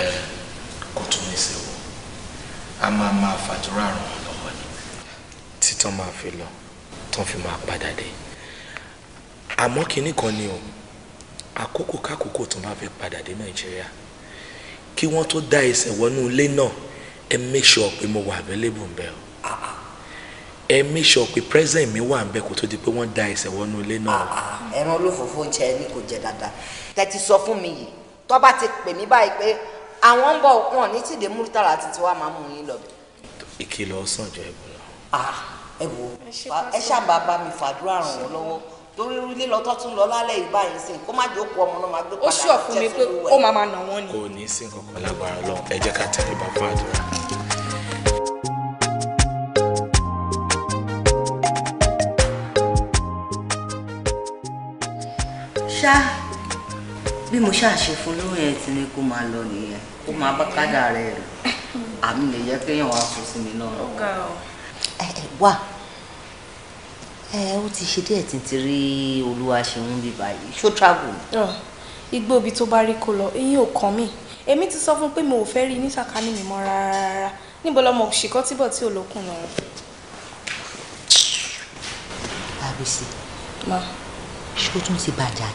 Speaker 5: ẹ kò tún ní sí o a máa máa fàdúrà ràn wọ́n lọ́wọ́ ni títàn máa fi lọ tán fi máa padà dé àmọ́ kinní kan ni o àkókò kákòókò tó máa fi padà dé nàìjíríà kí wọ́n tó dá ẹsẹ̀ wọnú ilé náà ẹ make sure pé mo wà available ń bẹ o ẹ make sure pé present mi wà ń bẹ kó tó di pé wọ́n dá ẹsẹ̀ wọnú ilé náà. Ah,
Speaker 2: ah, ẹran olófòfò jẹ ẹni kò jẹ dáadáa tẹ́tí sọ fún mi yìí tó ti pè mí báyìí pé àwọn ń bọ̀ wọn ní tìde múrítàlá àti tiwa máa mú yín lọ
Speaker 5: ìkìlọ̀ ọ̀sán jọ ẹ bọ̀ lọ. Ah, ẹ wo
Speaker 2: ẹ ṣáà mi fàdúrà ràn wọ́n lọ́wọ́ torí ilé lọ́tọ́ tún lọ lálẹ́ ìgbà yìí sìn kó má jókòó ọmọ náà máa gbé padà jẹ́ sínú ìwẹ̀. ó ṣọ̀ fún mi pé ó máa máa nà wọ́n
Speaker 5: ni. kò ní sí nǹkan kan lágbára lọ ẹ jẹ́ ká tẹ̀lé bàbá àdúrà.
Speaker 2: ṣá bí mo ṣáà ṣe fún lóyún ẹ ti ní kó máa lọ nìyẹn kó máa bá kádà rẹ rè àmì lè yẹ kéèyàn wá sùn sí mi náà. ẹ ẹ wá ẹ ó ti ṣe díẹ̀ tí n ti rí olúwa ṣeun bí báyìí ṣó travel.
Speaker 1: igbó ibi tó bá rí kó lọ eyín ò kàn mí èmi ti sọ fún pé mo ò fẹ́ rí i ní sàkání mi mọ́ rárá níbo lọmọ òṣìkọ́ tíbọ̀ tí ò lókun lọ.
Speaker 2: àbèsè ṣó tún ti bàjá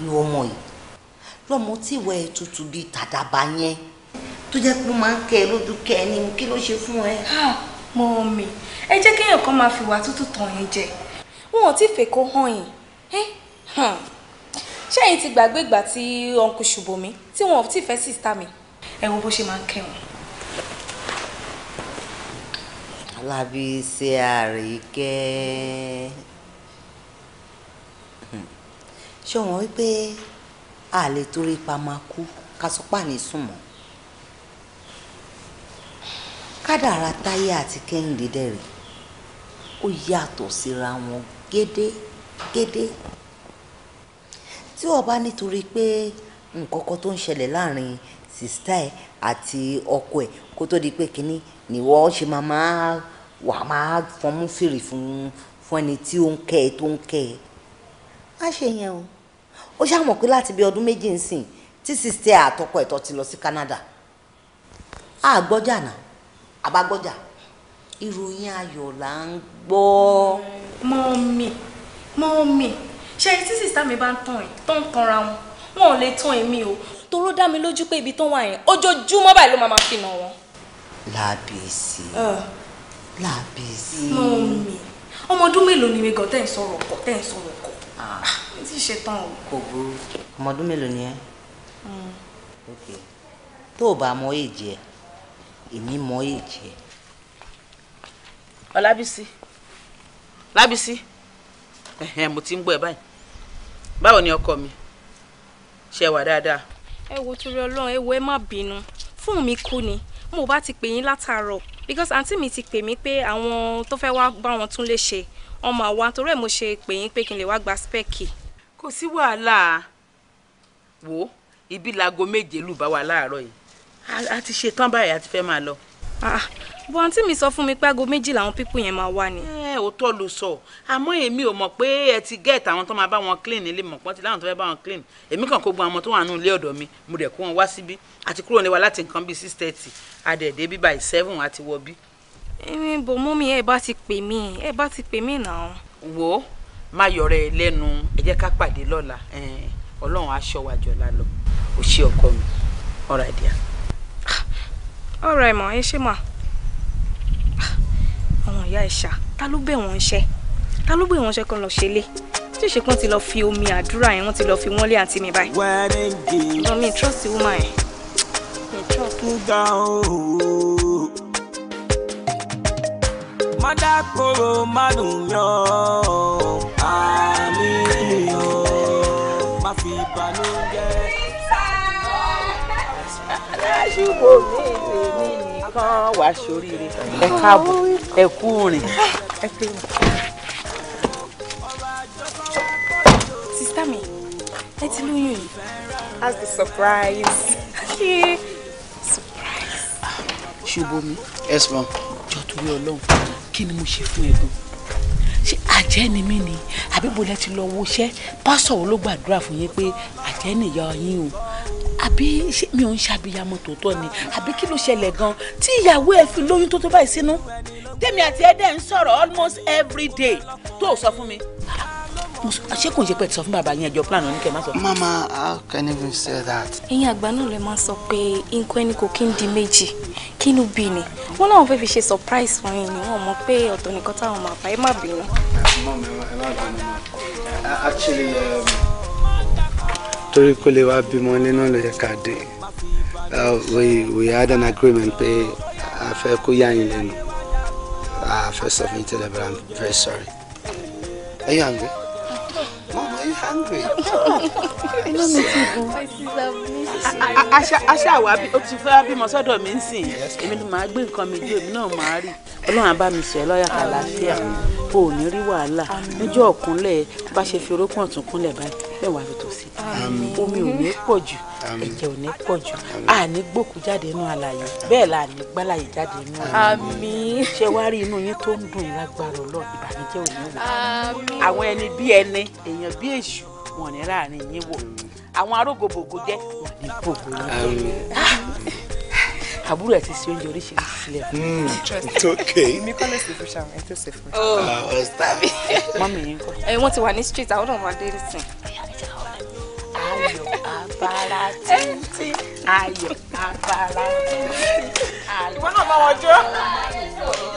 Speaker 2: ni lu ọmọ yìí lọmọ tí ìwà ẹ tutù bíi tàdàbà yẹn tó jẹ́ pé ó máa ń kẹ́ ẹ lójú kẹ́ ẹ ní kí ló
Speaker 1: ṣe fún ẹ. Ah! mọ́ọ̀mì ẹ jẹ́ kéèyàn kan máa fìwà tútù tàn yín jẹ wọn ò tí ì fẹ́ kó hàn yín ti gbàgbé ìgbà tí ọ̀nkù ṣùbọ̀mí tí wọn ò tí fẹ́ sísítà mi ẹ wo bó ṣe máa ń kẹ́wọ̀n.
Speaker 2: alábí ṣe àríkẹ́ ṣé wọn wípé a lè torí pa máa kú ká sọ pàní sùn mọ́ kádàrá táyé àti kẹ́hìndé dẹ̀rẹ̀ ó yàtọ̀ síra wọn gédégédé tí wọ́n bá nítorí pé nǹkan kan tó ń ṣẹlẹ̀ láàrin sista ẹ̀ àti ọkọ ẹ̀ kó tó di pé kínní ni wọ́n ṣe máa máa wà máa fọnmú fèrè fún fún ẹni tí ó ń kẹ́ ẹ tó ń kẹ́ ẹ má ṣe yẹn o ó ṣàmọ̀ pé láti bí ọdún méjì ń sìn tí sista ẹ̀ àtọkọ ẹ̀ tó ti lọ sí Canada àgbọ́jà náà
Speaker 1: àbágbọ́jà ìròyìn ayọ̀ là ń gbọ́. mọ́mì mọ́mì ṣe tí sísá mi bá ń tàn ẹ̀ tó ń tanra wọn wọn ò lè tàn èmi o toró dá mi lójú pé ibi tán wà yẹn ojoojúmọ́ báyìí ló máa ma fi nà wọn.
Speaker 2: lábèsí lábèsí. mọ́mì
Speaker 1: ọmọ ọdún mélòó ni mi gan tẹ́ ń sọ̀rọ̀ ọkọ̀ tẹ́ ń sọ̀rọ̀ ọkọ̀ ah. ah, mi ti
Speaker 2: ṣe tán o. kò burú ọmọ ọdún mélòó ni ẹ. Hmm. tó o bá mọ èjì ẹ èmi mọ èjì
Speaker 1: ẹ. ọlábísí lábísí mo ti ń gbọ́ ẹ báyìí báwo ni ọkọ mi ṣe wà dáadáa. ẹ wo torí Ọlọ́run ẹ wo ẹ má bínú fóònù mi kú ni mo bá ti pè yín látàárọ̀ because àǹtí mi ti pè mí pé àwọn tó fẹ́ wá bá wọn tún lè ṣe ọmọ àwa torí ẹ̀ mo ṣe pè yín pé kí n lè wá gba spẹ́ẹ̀kì. kò sí wàhálà wo ibi láago méje lù bá wa láàárọ̀ yìí a ti ṣe tán báyìí a ti fẹ́ máa lọ. Ah, ah. bó àǹtí mi sọ fún mi pé aago méjì làwọn pípù yẹn máa wá ni. ẹ ò tọ́ ló sọ àmọ́ èmi ò mọ̀ pé ẹ ti gẹ́ẹ̀tì àwọn tó máa bá wọn clean nílé mọ̀ pọ́n ti láwọn tó fẹ́ bá wọn clean èmi kàn kó gbọ́n àwọn tó wà nù ilé ọ̀dọ̀ mi mo dẹ̀ kó wọn wá síbí àti kúrò níwá láti nǹkan bíi six thirty àdẹ̀dẹ̀ bíbá ì seven àti wọ bí. bò mú mi ẹ bá ti pè mí ẹ bá ti pè mí náà. wo má yọrẹ lẹ́nu ẹ jẹ́ ká pàdé lọ́la ọlọ́run aṣọ wàjọ lálọ́ òṣì ọkọ mi ọ̀rọ̀ àdìyà ọ̀rọ̀ ẹ̀ mọ̀ ẹ ṣe mà àwọn ìyá ìṣà ta ló bẹ̀ wọ́n ṣẹ́ ta ló bẹ̀ wọ́n ṣẹ́ kán lọ ṣe lé tí ìṣe kan ti lọ fi omi àdúrà yẹn wọ́n ti lọ fi wọ́n lé àǹtí mi báyìí.
Speaker 3: ọ̀rọ̀ mi trust the woman yẹn. Mada koro madu yo, ami yo, ma fi ìbànújẹ́ ṣubú mi tèmi nìkan wàá
Speaker 1: ṣoríire ẹ káàbọ̀ ẹ kú rìn sista mi ẹ ti lóyún yìí. that's the
Speaker 4: surprise. surprise.
Speaker 5: ṣubú mi. yes
Speaker 1: ma'am. jọ torí Ọlọ́run kí ni mo ṣe fún ẹ gan ṣé àjẹ́ ni mí ni àbí bọ́lá ti lọ wọṣẹ́ pásọ̀ wo ló gbàdúrà fún yín pé àjẹ́ nìyá yín o àbí mi ò ń ṣàbíyamọ tòótọ́ ni àbí kí ló ṣẹlẹ̀ gan tí ìyàwó ẹ fi lóyún tó tó báyìí sínú. tèmi àti ẹdẹ ń sọ̀rọ̀ almost every day tó sọ fún mi. ṣé kò ń ṣe pé ti sọ fún bàbá yẹn ẹjọ́ plan oníkẹ́ má sọ. mama how can you even say that. ẹ̀yin àgbà náà lè máa sọ pé nǹkan ẹni kò kí ń di méjì kí inú bí ni wọn láwọn fẹ́ẹ́ fi ṣe surprise fún yín ni wọn mọ̀ pé ọ̀tọ̀ nìkan táwọn máa bá ẹ má bínú.
Speaker 5: mọ́mi ẹ má bínú actually. Um, torí kó lè wá bímọ ilé náà ló yẹ ká dé uh, we had an agreement pé a fẹ́ kó yá yín lẹ́nu a fẹ́ sọ fún yín tẹ́lẹ̀ but i'm very sorry are you hungry.
Speaker 1: Mom, are you hungry? Iná mi ti bù. Aṣá àwa ó ti fẹ́ bímọ sọ́dọ̀ mi nsìn. Èmi ni màá gbé nǹkan mi dé, èmi náà màá rí. Ọlọ́run á bá mi sọ ẹ́ lọ́yà kàlàáfíà. O ò ní rí wàhálà. Níjọ́ ọ̀kúnlẹ̀ bá ṣe fi orókùn ọ̀tún kúnlẹ̀ báyìí fẹ́ wà lótò sí ti omi ò ní pọ̀ jù ẹ̀jẹ̀ ò ní pọ̀ jù a ní gbòkú jáde inú àlàyé bẹ́ẹ̀ la ní gbálàyé jáde inú àmì ṣe wá rí inú yín tó ń dùn yín lágbára Ọlọ́run ìbànújẹ́ ò ní wò àwọn ẹni bí ẹni èèyàn bí èṣù wọn ní láàrin yín wò mm. àwọn arógòbògò jẹ́ wọn ní gbòògò yín àbúrò ẹ ti ṣe oúnjẹ oríṣiríṣi sílẹ̀ mm. mm,
Speaker 4: mi. kọ́ lè ṣe ṣàwọn ẹ tó ṣe fún mi. ọ̀ọ́ oh, yín kọ́.
Speaker 1: ẹ eh, wọ́n ti wà ní street àwọn náà máa dé nísìnyí afárá títí ayọ̀ afárá títí ayọ̀. ìwọ náà bá wọn jó. ọ̀pọ̀ ẹni inú ṣe ń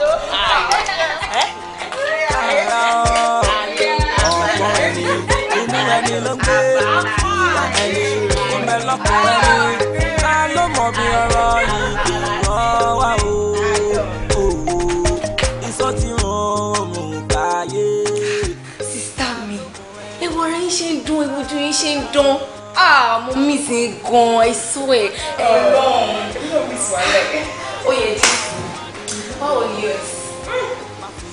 Speaker 1: dún ewu yín ṣe ń dán ah mo miss gan i swear. Ọlọ́run
Speaker 4: yóò miss wálẹ̀. ó yẹ
Speaker 1: jí báwo ni us.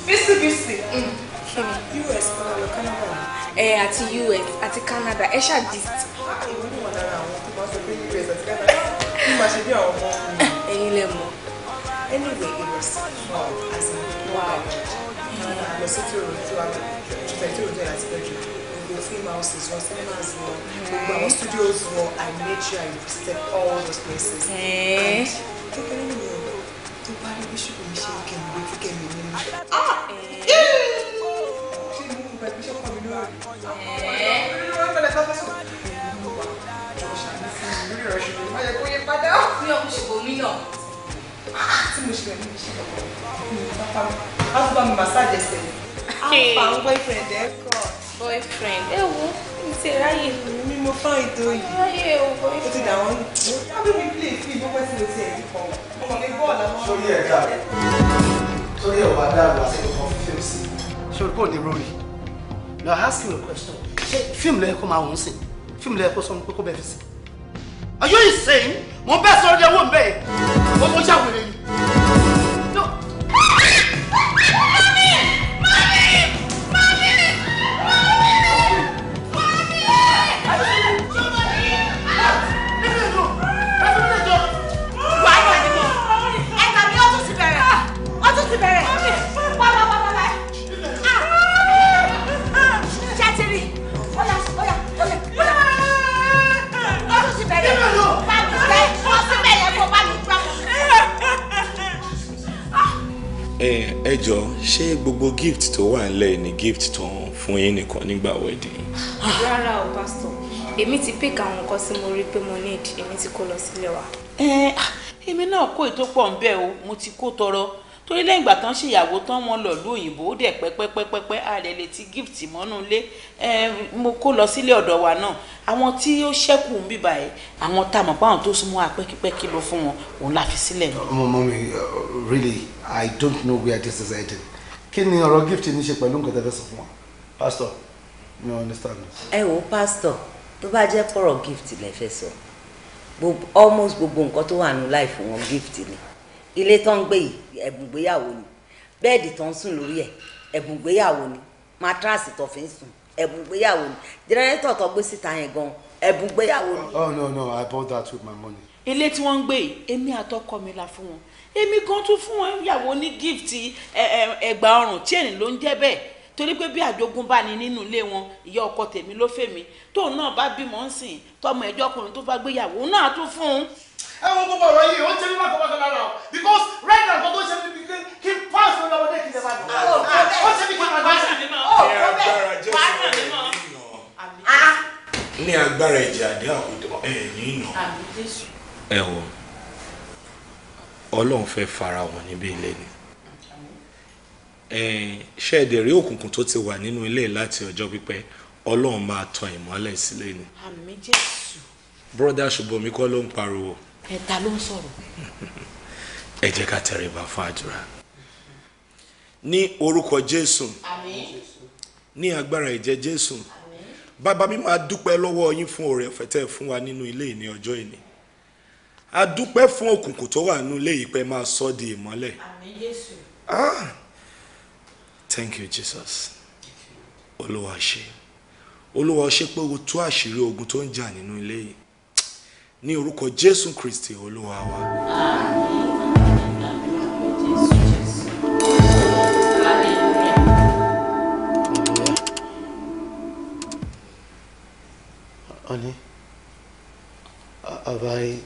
Speaker 4: bísí bísí. us kọ́nà Canada.
Speaker 1: ẹ àti us àti Canada ẹ ṣáà gist.
Speaker 4: ìwé ni wọn lára àwọn tó máa sọ pé us àti Canada ní màá ṣe bí àwọn ọmọ mi. ẹ̀yin lẹ mọ̀. anyway it was fun as in wow. lọ sí tí o rò tí wàá lọ jù tẹ̀ tí o jẹ́ àti bẹ́ẹ̀ film houses wọn cinemas wọn gbogbo àwọn studios wọn i made sure i visited all those places. kékeré ni o tó bá rí bí ṣùgbọ́n mi ṣe kẹ̀mí lójú kẹ̀mí nínú. ṣé mo kú pẹ̀lú ṣé kọ́ mi lórí? tí mo ṣe rẹ̀ níbi iṣẹ́ lọ́kọ̀ọ́ mi ò bá pa mi. a tún bá mi màsáàjì ẹsẹ̀ mi.
Speaker 1: a pa àwọn boyfriend ẹ̀ kọ́ boyfriend ẹ
Speaker 4: wo ìṣe ráyè. mi mo fọ́ ìtò yìí. ráyè o boyfriend. o ti dà wọ́n. sábẹ́ mi play free bó pẹ́sì ló ti ẹ̀ kọ́. ọmọ mi bọ́ọ̀lù àwọn. sórí ẹ̀ dà
Speaker 5: sórí ẹ̀ wá dáàbò àṣẹjù fífẹ́ sí. ṣé o kò dé rórì you are asking a question ṣé fíìmù ló yẹ kó máa wò ó sìn fíìmù ló yẹ kó sọ pé kó bẹ́ẹ̀ fi sìn. are you insane? mo bẹ́ẹ̀ sọ ọ́ di owó mi bẹ́ẹ̀ mo mo ṣàwèrè yìí.
Speaker 3: ti bẹ̀rẹ̀ wá wá wá wá wá ṣàtìrì ọ̀yà ọ̀yà ọ̀yà ọ̀yà ó ti bẹ̀rẹ̀
Speaker 1: bá mi gbẹ ó ti bẹ̀rẹ̀ kó bá mi gbà.
Speaker 5: Ah. ẹ jọ ṣé gbogbo gift tó wà nílẹ̀ ni gift tó ń fún yín nìkan nígbà wedding.
Speaker 1: Ah. rárá o pastor èmi ti pick àwọn nǹkan tí mo rí pé mo need èmi ti kó lọ sílé wa. Ah, èmi náà kó ètò pọ̀ ń bẹ́ẹ̀ o mo ti kó tọrọ torí lẹ́yìn ìgbà tán ṣèyàwó tán wọn lọ lú òyìnbó ó dẹ̀ pẹ́pẹ́pẹ́pẹ́ ààrẹ lè ti gift mọ́nú ilé mo kó lọ sílé ọ̀dọ̀ wa náà àwọn tí ó ṣẹ́kù ń bíbà ẹ̀ àwọn tá a mọ̀ báwọn tó súnmọ́ apẹ́kípẹ́kí lọ fún wọn òun la fi sílẹ̀.
Speaker 5: mummy uh, really i don't know where this is heading. kí ni ọ̀rọ̀ gift ní ṣe pẹ̀lú nǹkan tẹ́fẹ́ sọ fún wa pastor you no understand.
Speaker 2: ẹ wo pastor tó bá jẹ́ pọ̀rọ̀ gift lẹ fẹ́ sọ almost gbogbo nǹkan tó wà nù láì fún wọn gift ni ilé tó ń gbé yìí ẹ̀bùn gbéyàwó ni bẹ́ẹ̀dì tó ń sùn lórí ẹ̀ ẹ̀bùn gbéyàwó ni matrasi tó fi ń sùn ẹ̀bùn gbéyàwó ni jẹnẹrétọ̀ tó gbé síta yẹn gan ẹ̀bùn gbéyàwó
Speaker 5: ni. oh no no i bought that with my money.
Speaker 1: ilé tí wọ́n ń gbé yìí èmi àtọkọ mi la fún wọn èmi kan tún fún wọn ìyàwó ní gífìtì ẹgbà ọrùn chain ló ń jẹ́ bẹ́ẹ̀ torí pé bí àjogúnbá ni nínú ilé wọn ìyá ọkọ tèmi ló fèmí tóun náà bá bímọ ń sìn tọmọ ẹjọ ọkùnrin tó bá gbéyàwó
Speaker 3: náà tún fún un ẹ wo gbogbo ọ̀rọ̀ yìí ó ń ṣe mí bákọ̀bákọ̀ lára o
Speaker 1: because
Speaker 5: right now gbogbo ṣe mi kí n pass lórí ọmọdé kí n lè máa dùn oh, ó ṣe mí kí n máa dùn. Oh, ah. ní agbára ìjà àdé àkójọ ẹ nínú.
Speaker 1: ẹ
Speaker 5: wọ Ọlọ́run fẹ́ fara wọn níbi ilé ni ṣe èdè rí òkùnkùn tó ti wà nínú ilé láti ọjọ́ pípẹ́ Ọlọ́run máa tan ìmọ́lẹ̀ sílé ni. Brọ́dá Ṣùbọ́mi kọ́ ló ń pariwo
Speaker 1: ẹ ta ló ń sọ̀rọ̀.
Speaker 5: ẹ jẹ́ ká tẹríba fún àdúrà ní orúkọ jésù ní agbára ẹ̀jẹ̀ jésù bàbá mi máa dúpẹ́ lọ́wọ́ yín fún oore ọ̀fẹ́ tẹ́ fún wa nínú ilé ní ọjọ́ ìní a fún òkùnkùn tó wà nínú ilé yìí pé máa sọ di ìmọ́lẹ̀ ah thank you jesus olúwa ṣe olúwa ṣe pé o tú àṣírí ogun tó ń jà nínú ilé yìí ní orúkọ Jésù Kristi Olúwa wa. Àmín. Honey, have I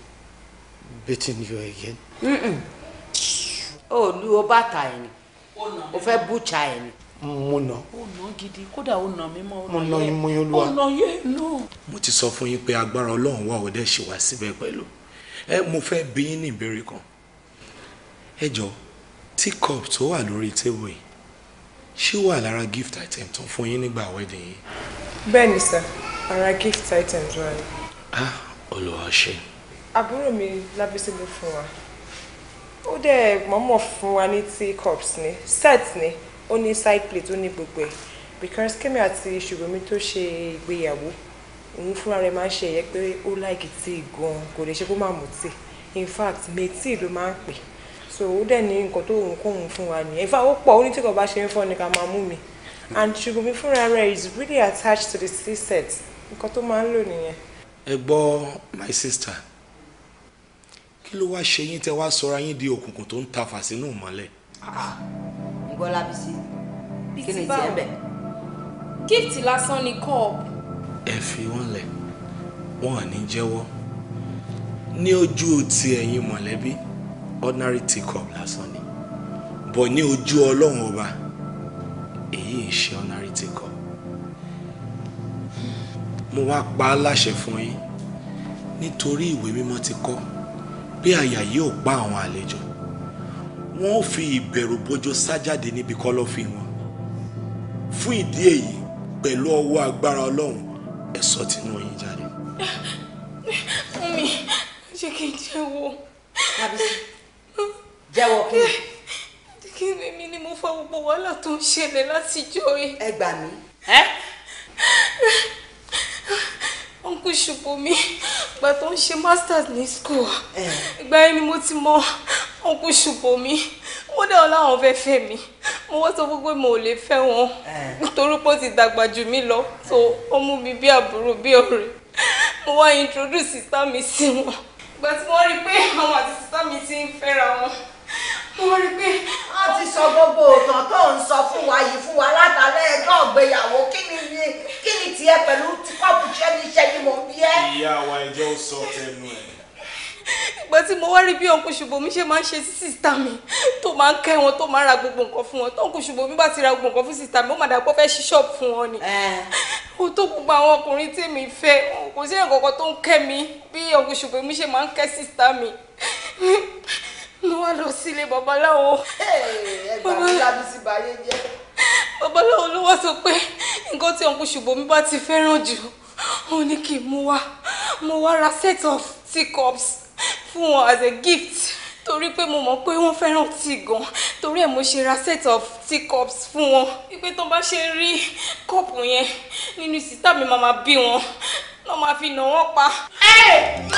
Speaker 5: beaten you again?
Speaker 1: Mm-mm. Oh, lu ọba ta ẹ̀ ni. O fẹ́ bú cha ẹ̀ ni mo nà. ó nà gidi kódà ó nà mí mọ́ ó nà
Speaker 5: yẹ mo yan olúwa ó
Speaker 3: nà yẹ nù.
Speaker 5: mo ti sọ fún yín pé agbára ọlọ́run wà ó dẹ̀ ṣì wá síbẹ̀ pẹ̀lú ẹ mo fẹ́ bi yín ní ìbéèrè kan ẹ jọ teacup tó wà lórí tébù yìí ṣé wà lára gift item tó fún yín nígbà wedding yìí.
Speaker 4: bẹ́ẹ̀ sir ara gift item tó wà ní.
Speaker 5: ah olùwà ṣe.
Speaker 4: àbúrò mi lábísílẹ̀ fún wa ó dẹ̀ mọ̀ọ́mọ̀ fún wa ní teacups ni set ni ó ní side plate ó ní gbogbo ẹ̀ because Kẹ́mi àti Ṣùgbọ́nmi tó ṣe ìgbéyàwó òun fúnra rẹ̀ máa ń ṣe ẹ̀yẹ pé ó láìkì tíì gan-an kò lè ṣe kó má mu tíì in fact métíì ló máa ń pè so ó dẹ̀ ní nǹkan tó òun kóhun fún wa nìyẹn in fact ó pọ̀ ó ní tí kò bá ṣe ń fọ́ ni ká máa mú mi and Ṣùgbọ́nmi fúnra rẹ̀ is really attached to the tea set nǹkan tó máa ń lò nìyẹn.
Speaker 5: ẹ gbọ́ my sister kí ló wá ṣe yín tẹ wá sọra yín di òkùnkùn tó ń tafà sínú ìmọ́lẹ̀
Speaker 1: ń gbọ́ lábísí kí ni tiẹ̀ bẹ̀. gift lásán ni kọ́ọ̀pù.
Speaker 5: ẹ fi wọn lẹ wọn à ní jẹ́wọ́ ní ojú ti ẹ̀yin mọ̀lẹ́bí ordinary teacup lásán ni bọ̀ ní ojú ọlọ́run ọba èyí ìṣe ordinary teacup mo wá pa á láṣẹ fún yín nítorí ìwé mímọ́ ti kọ́ bí àyà yìí pa àwọn àlejò wọ́n ó fi ìbẹ̀rù bójó sájáde níbi kọ́lọ́fín wọn fún ìdí èyí pẹ̀lú ọwọ́ agbára ọlọ́run ẹ sọ tinú yín jáde.
Speaker 1: mi ṣe kí n jẹ́wọ́. kábíyèsí jẹ́wọ́ kí ni. kí ni mi ni mo fa gbogbo wàhálà tó ń ṣẹlẹ̀ látijọ́ yìí. ẹ gbà mí uncle Ṣubúmi ìgbà tó ń ṣe masters ní school ìgbà yẹn ni mo ti mọ uncle Ṣubúmi ó dẹ̀ ọ́ láwọn fẹ́ fẹ́ mi mo wọ́n sọ fún pé mo ò lè fẹ́ wọn torí pé ó ti dàgbà jù mí lọ so ó mú mi bí àbúrò bí ọ̀rẹ́ mo wá introduce sister mi sí wọn ìgbà tí wọ́n rí i pé àwọn àti sister mi ti ń fẹ́ra wọn mo rí i pé.
Speaker 2: wọ́n ti sọ gbogbo òtàn tó ń sọ fún wa yìí fún wa látàlẹ́ ẹgbẹ́ ọ̀gbéyàwó kí ni
Speaker 1: ni kí ni tiẹ̀ pẹ̀lú tí kọ́ọ̀pù ṣẹ́ ní iṣẹ́ ni mò ń bí ẹ́.
Speaker 5: ìyá wa ẹjọ́ sọ tẹnu
Speaker 1: ẹ̀. ìgbà tí mo wá rí bí ọkùn ṣùgbọ́n ṣe máa ń ṣe sí sísítà mi tó máa ń kẹ́ wọn tó máa ń ra gbogbo nǹkan fún wọn tó ń kùn ṣùgbọ́n mi bá ti ra gbogbo nǹkan fún sísítà mi ó máa dàgbọ́ fẹ́ ṣí ṣọ́ọ̀bù fún wọn ni kó tó gbogbo àwọn ọkùnrin tí mi fẹ́ kò sí ẹ̀kọ́kọ́ tó ń kẹ́ mi bí ọkùn ṣùgbọ́n mi ṣe máa ń kẹ́ sísítà mi mo wá lọ sílé babaláwo. ẹgbàá mi lábí sí báyé jẹ. babaláwo ló wá sọ pé nǹkan tí ọ̀nkú ṣùgbọ́n mi bá ti fẹ́ràn jù ó ní kí n mú wá mo wá ra set of tea cups fún wọn as a gift torí pé mo mọ̀ pé wọ́n fẹ́ràn tíì gan torí ẹ̀ mo ṣe ra set of tea cups fún wọn wípé tó bá ṣe rí kọ́ọ̀pù yẹn nínú ìsítà mi máa ma bí wọn lọ́ máa fi nà wọ́n pa. ẹ̀wù ẹ̀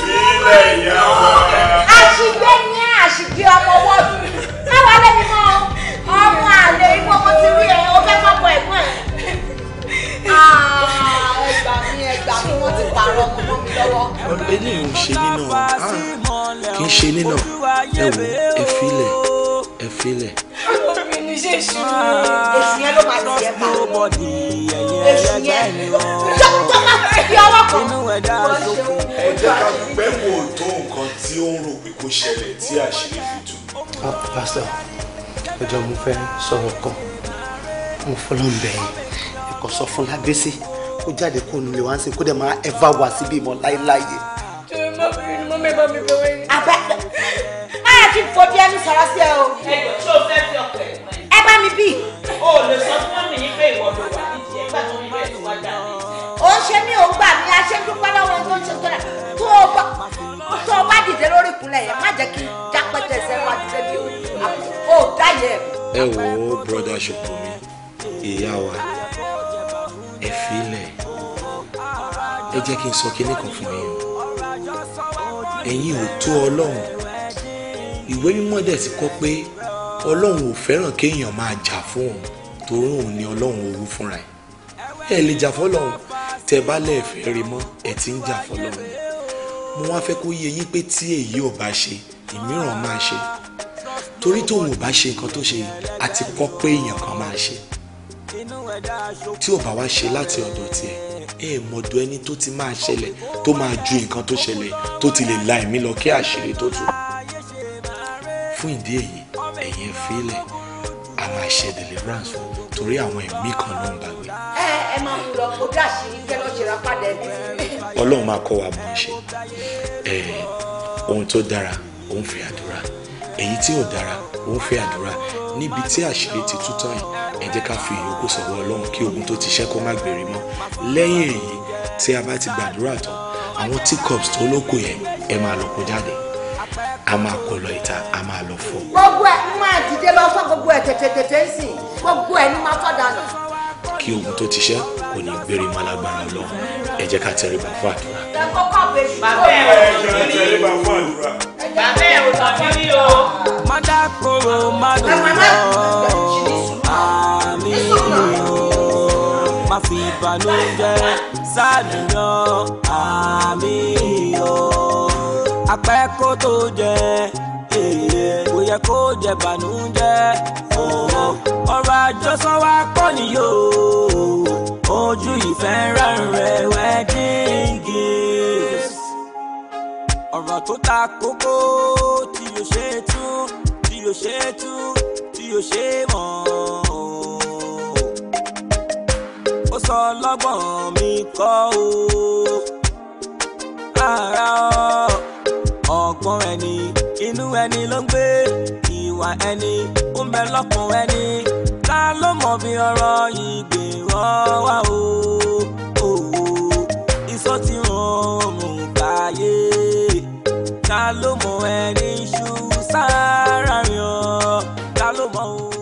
Speaker 3: fi ilẹ̀ ìyá wa.
Speaker 2: àṣìgbẹ́ ní àṣìgbé ọmọ wọ́ọ̀dù
Speaker 1: káwa lẹ́nu mọ́ ọmọ àlè ìfọwọ́sí rí ẹ ọfẹ́ pápọ̀ ẹ̀gbọ́n ẹ̀. Ah
Speaker 5: eléyìí ń ṣe nínà ah, kì í ṣe nínà
Speaker 3: ẹ wò ẹ filẹ̀ ẹ filẹ̀.
Speaker 5: Ah, pásítọ̀ ẹjọ́ mo fẹ́ sọ̀rọ̀ kan mo fọlọ́ ń bẹ̀ yín ẹ̀kọ́ sọ fún lágbèsè kó jáde kó nílé wá sí kó dẹ̀ máa ẹ̀fà wá síbí mọ́ láéláyé.
Speaker 3: àbẹ̀tẹ̀
Speaker 1: máyà kí fọ bí ẹnu sara sí ẹ o. ẹ jọ tí fi ọkọ ẹ bá mi bì.
Speaker 3: o lè sọ fún mi yín pé ìwọ ló wà nídìí ẹgbà tó ń bẹ̀ tó wá dá mi.
Speaker 2: ó ṣe mí ò ń gbà mí aṣẹ́dúpẹ́ lọ́wọ́ tó ń ṣe tó rà tó o bá dìde lórí ìkúnlẹ̀ yẹn má jẹ́ kí jápẹ́tẹ̀ ṣẹ́ wá dìde bí o ò dáyẹ̀.
Speaker 5: ẹ wo brother ṣòkò mi ìyá wa ẹ filẹ̀ ẹ jẹ́ kí n sọ kinní kan fún yín ẹ̀yin ò tó ọlọ́run ìwé mímọ́ dẹ̀ ti kọ́ pé ọlọ́run ò fẹ́ràn kéèyàn máa jà fún òun torí òun ni ọlọ́run òru fúnra ẹ̀ ẹ lè jà fọlọ́run tẹ bá lẹ́ẹ̀fẹ́ rí mọ́ ẹ ti ń jà fọlọ́run mo wá fẹ́ kó yé yín pé tí èyí ò bá ṣe ìmíràn máa ṣe torí tóun ò bá ṣe nǹkan tó ṣe àti kọ́ pé èèyàn kan máa ṣe tí ò bá wá ṣe láti ọ̀dọ̀ tiẹ̀ ẹ ẹ mọ̀dọ̀ ẹni tó ti máa ṣẹlẹ̀ tó máa ju nǹkan tó ṣẹlẹ̀ tó ti lè la ẹ̀mí lọ kí àṣírí tó tú fún ìdí èyí ẹ̀yìn fílẹ̀ a máa ṣe deliverance fún torí àwọn ẹ̀mí kan ló ń bàgbé. ẹ
Speaker 2: ẹ máa ń lọ ojú àṣírí kẹ́ lọ́ọ́ ṣe ra padà ẹbí.
Speaker 5: ọlọ́run máa kọ́ wa bó ń ṣe ẹ ohun tó dára òun fi àdúrà èyí tí ò dára òun fi àdúrà níbi tí àṣírí ti tú tán yìí ẹ jẹ́ ká fi ìyókù sọ̀wọ́ ọlọ́run kí ogun tó ti ṣẹ́ kó má gbèrè mọ́ lẹ́yìn èyí tí a bá ti gbàdúrà tán àwọn teacups tó lóko yẹn ẹ máa lọ kó jáde a máa kó lọ ìta a máa lọ fọ.
Speaker 2: gbogbo ẹ̀ ní máa dìde lọ fọ gbogbo ẹ̀ tètè ń sìn gbogbo ẹ̀ ní máa fọ́ dànù.
Speaker 5: kí ogun tó ti ṣẹ́ kò ní gbèrè mọ́ alágbára lọ ẹ jẹ́ ká tẹríba fún àdúrà.
Speaker 3: ẹ kọ́kọ́ bèèrè fún àdúrà. bàbá ẹ̀ ò sọ fún mi o. má dákòrò má dùn lọ. ìbànújẹ́ sàníyàn àmì o. apẹ́ kó tó jẹ èyẹ kò yẹ kó jẹ bànújẹ́ òwò àjọsọ wa pọ̀ nìyó ojú ìfẹ́ rán wedding gifts. ọ̀rọ̀ tó ta kókó tí yóò ṣe tú tí yóò ṣe tú tí yóò ṣe mọ́ ó sọ lọ́gbọ̀n mi kọ́ o rárá ọgbọ́n ẹni inú ẹni ló ń gbé ìwà ẹni ó ń bẹ lọ́kàn ẹni ká ló mọ̀ bí ọ̀rọ̀ ìgbèrò wà o ìsọ ti ràn mọ̀ káyé ká ló mọ̀ ẹni ṣú sára yàn ká ló mọ̀ o.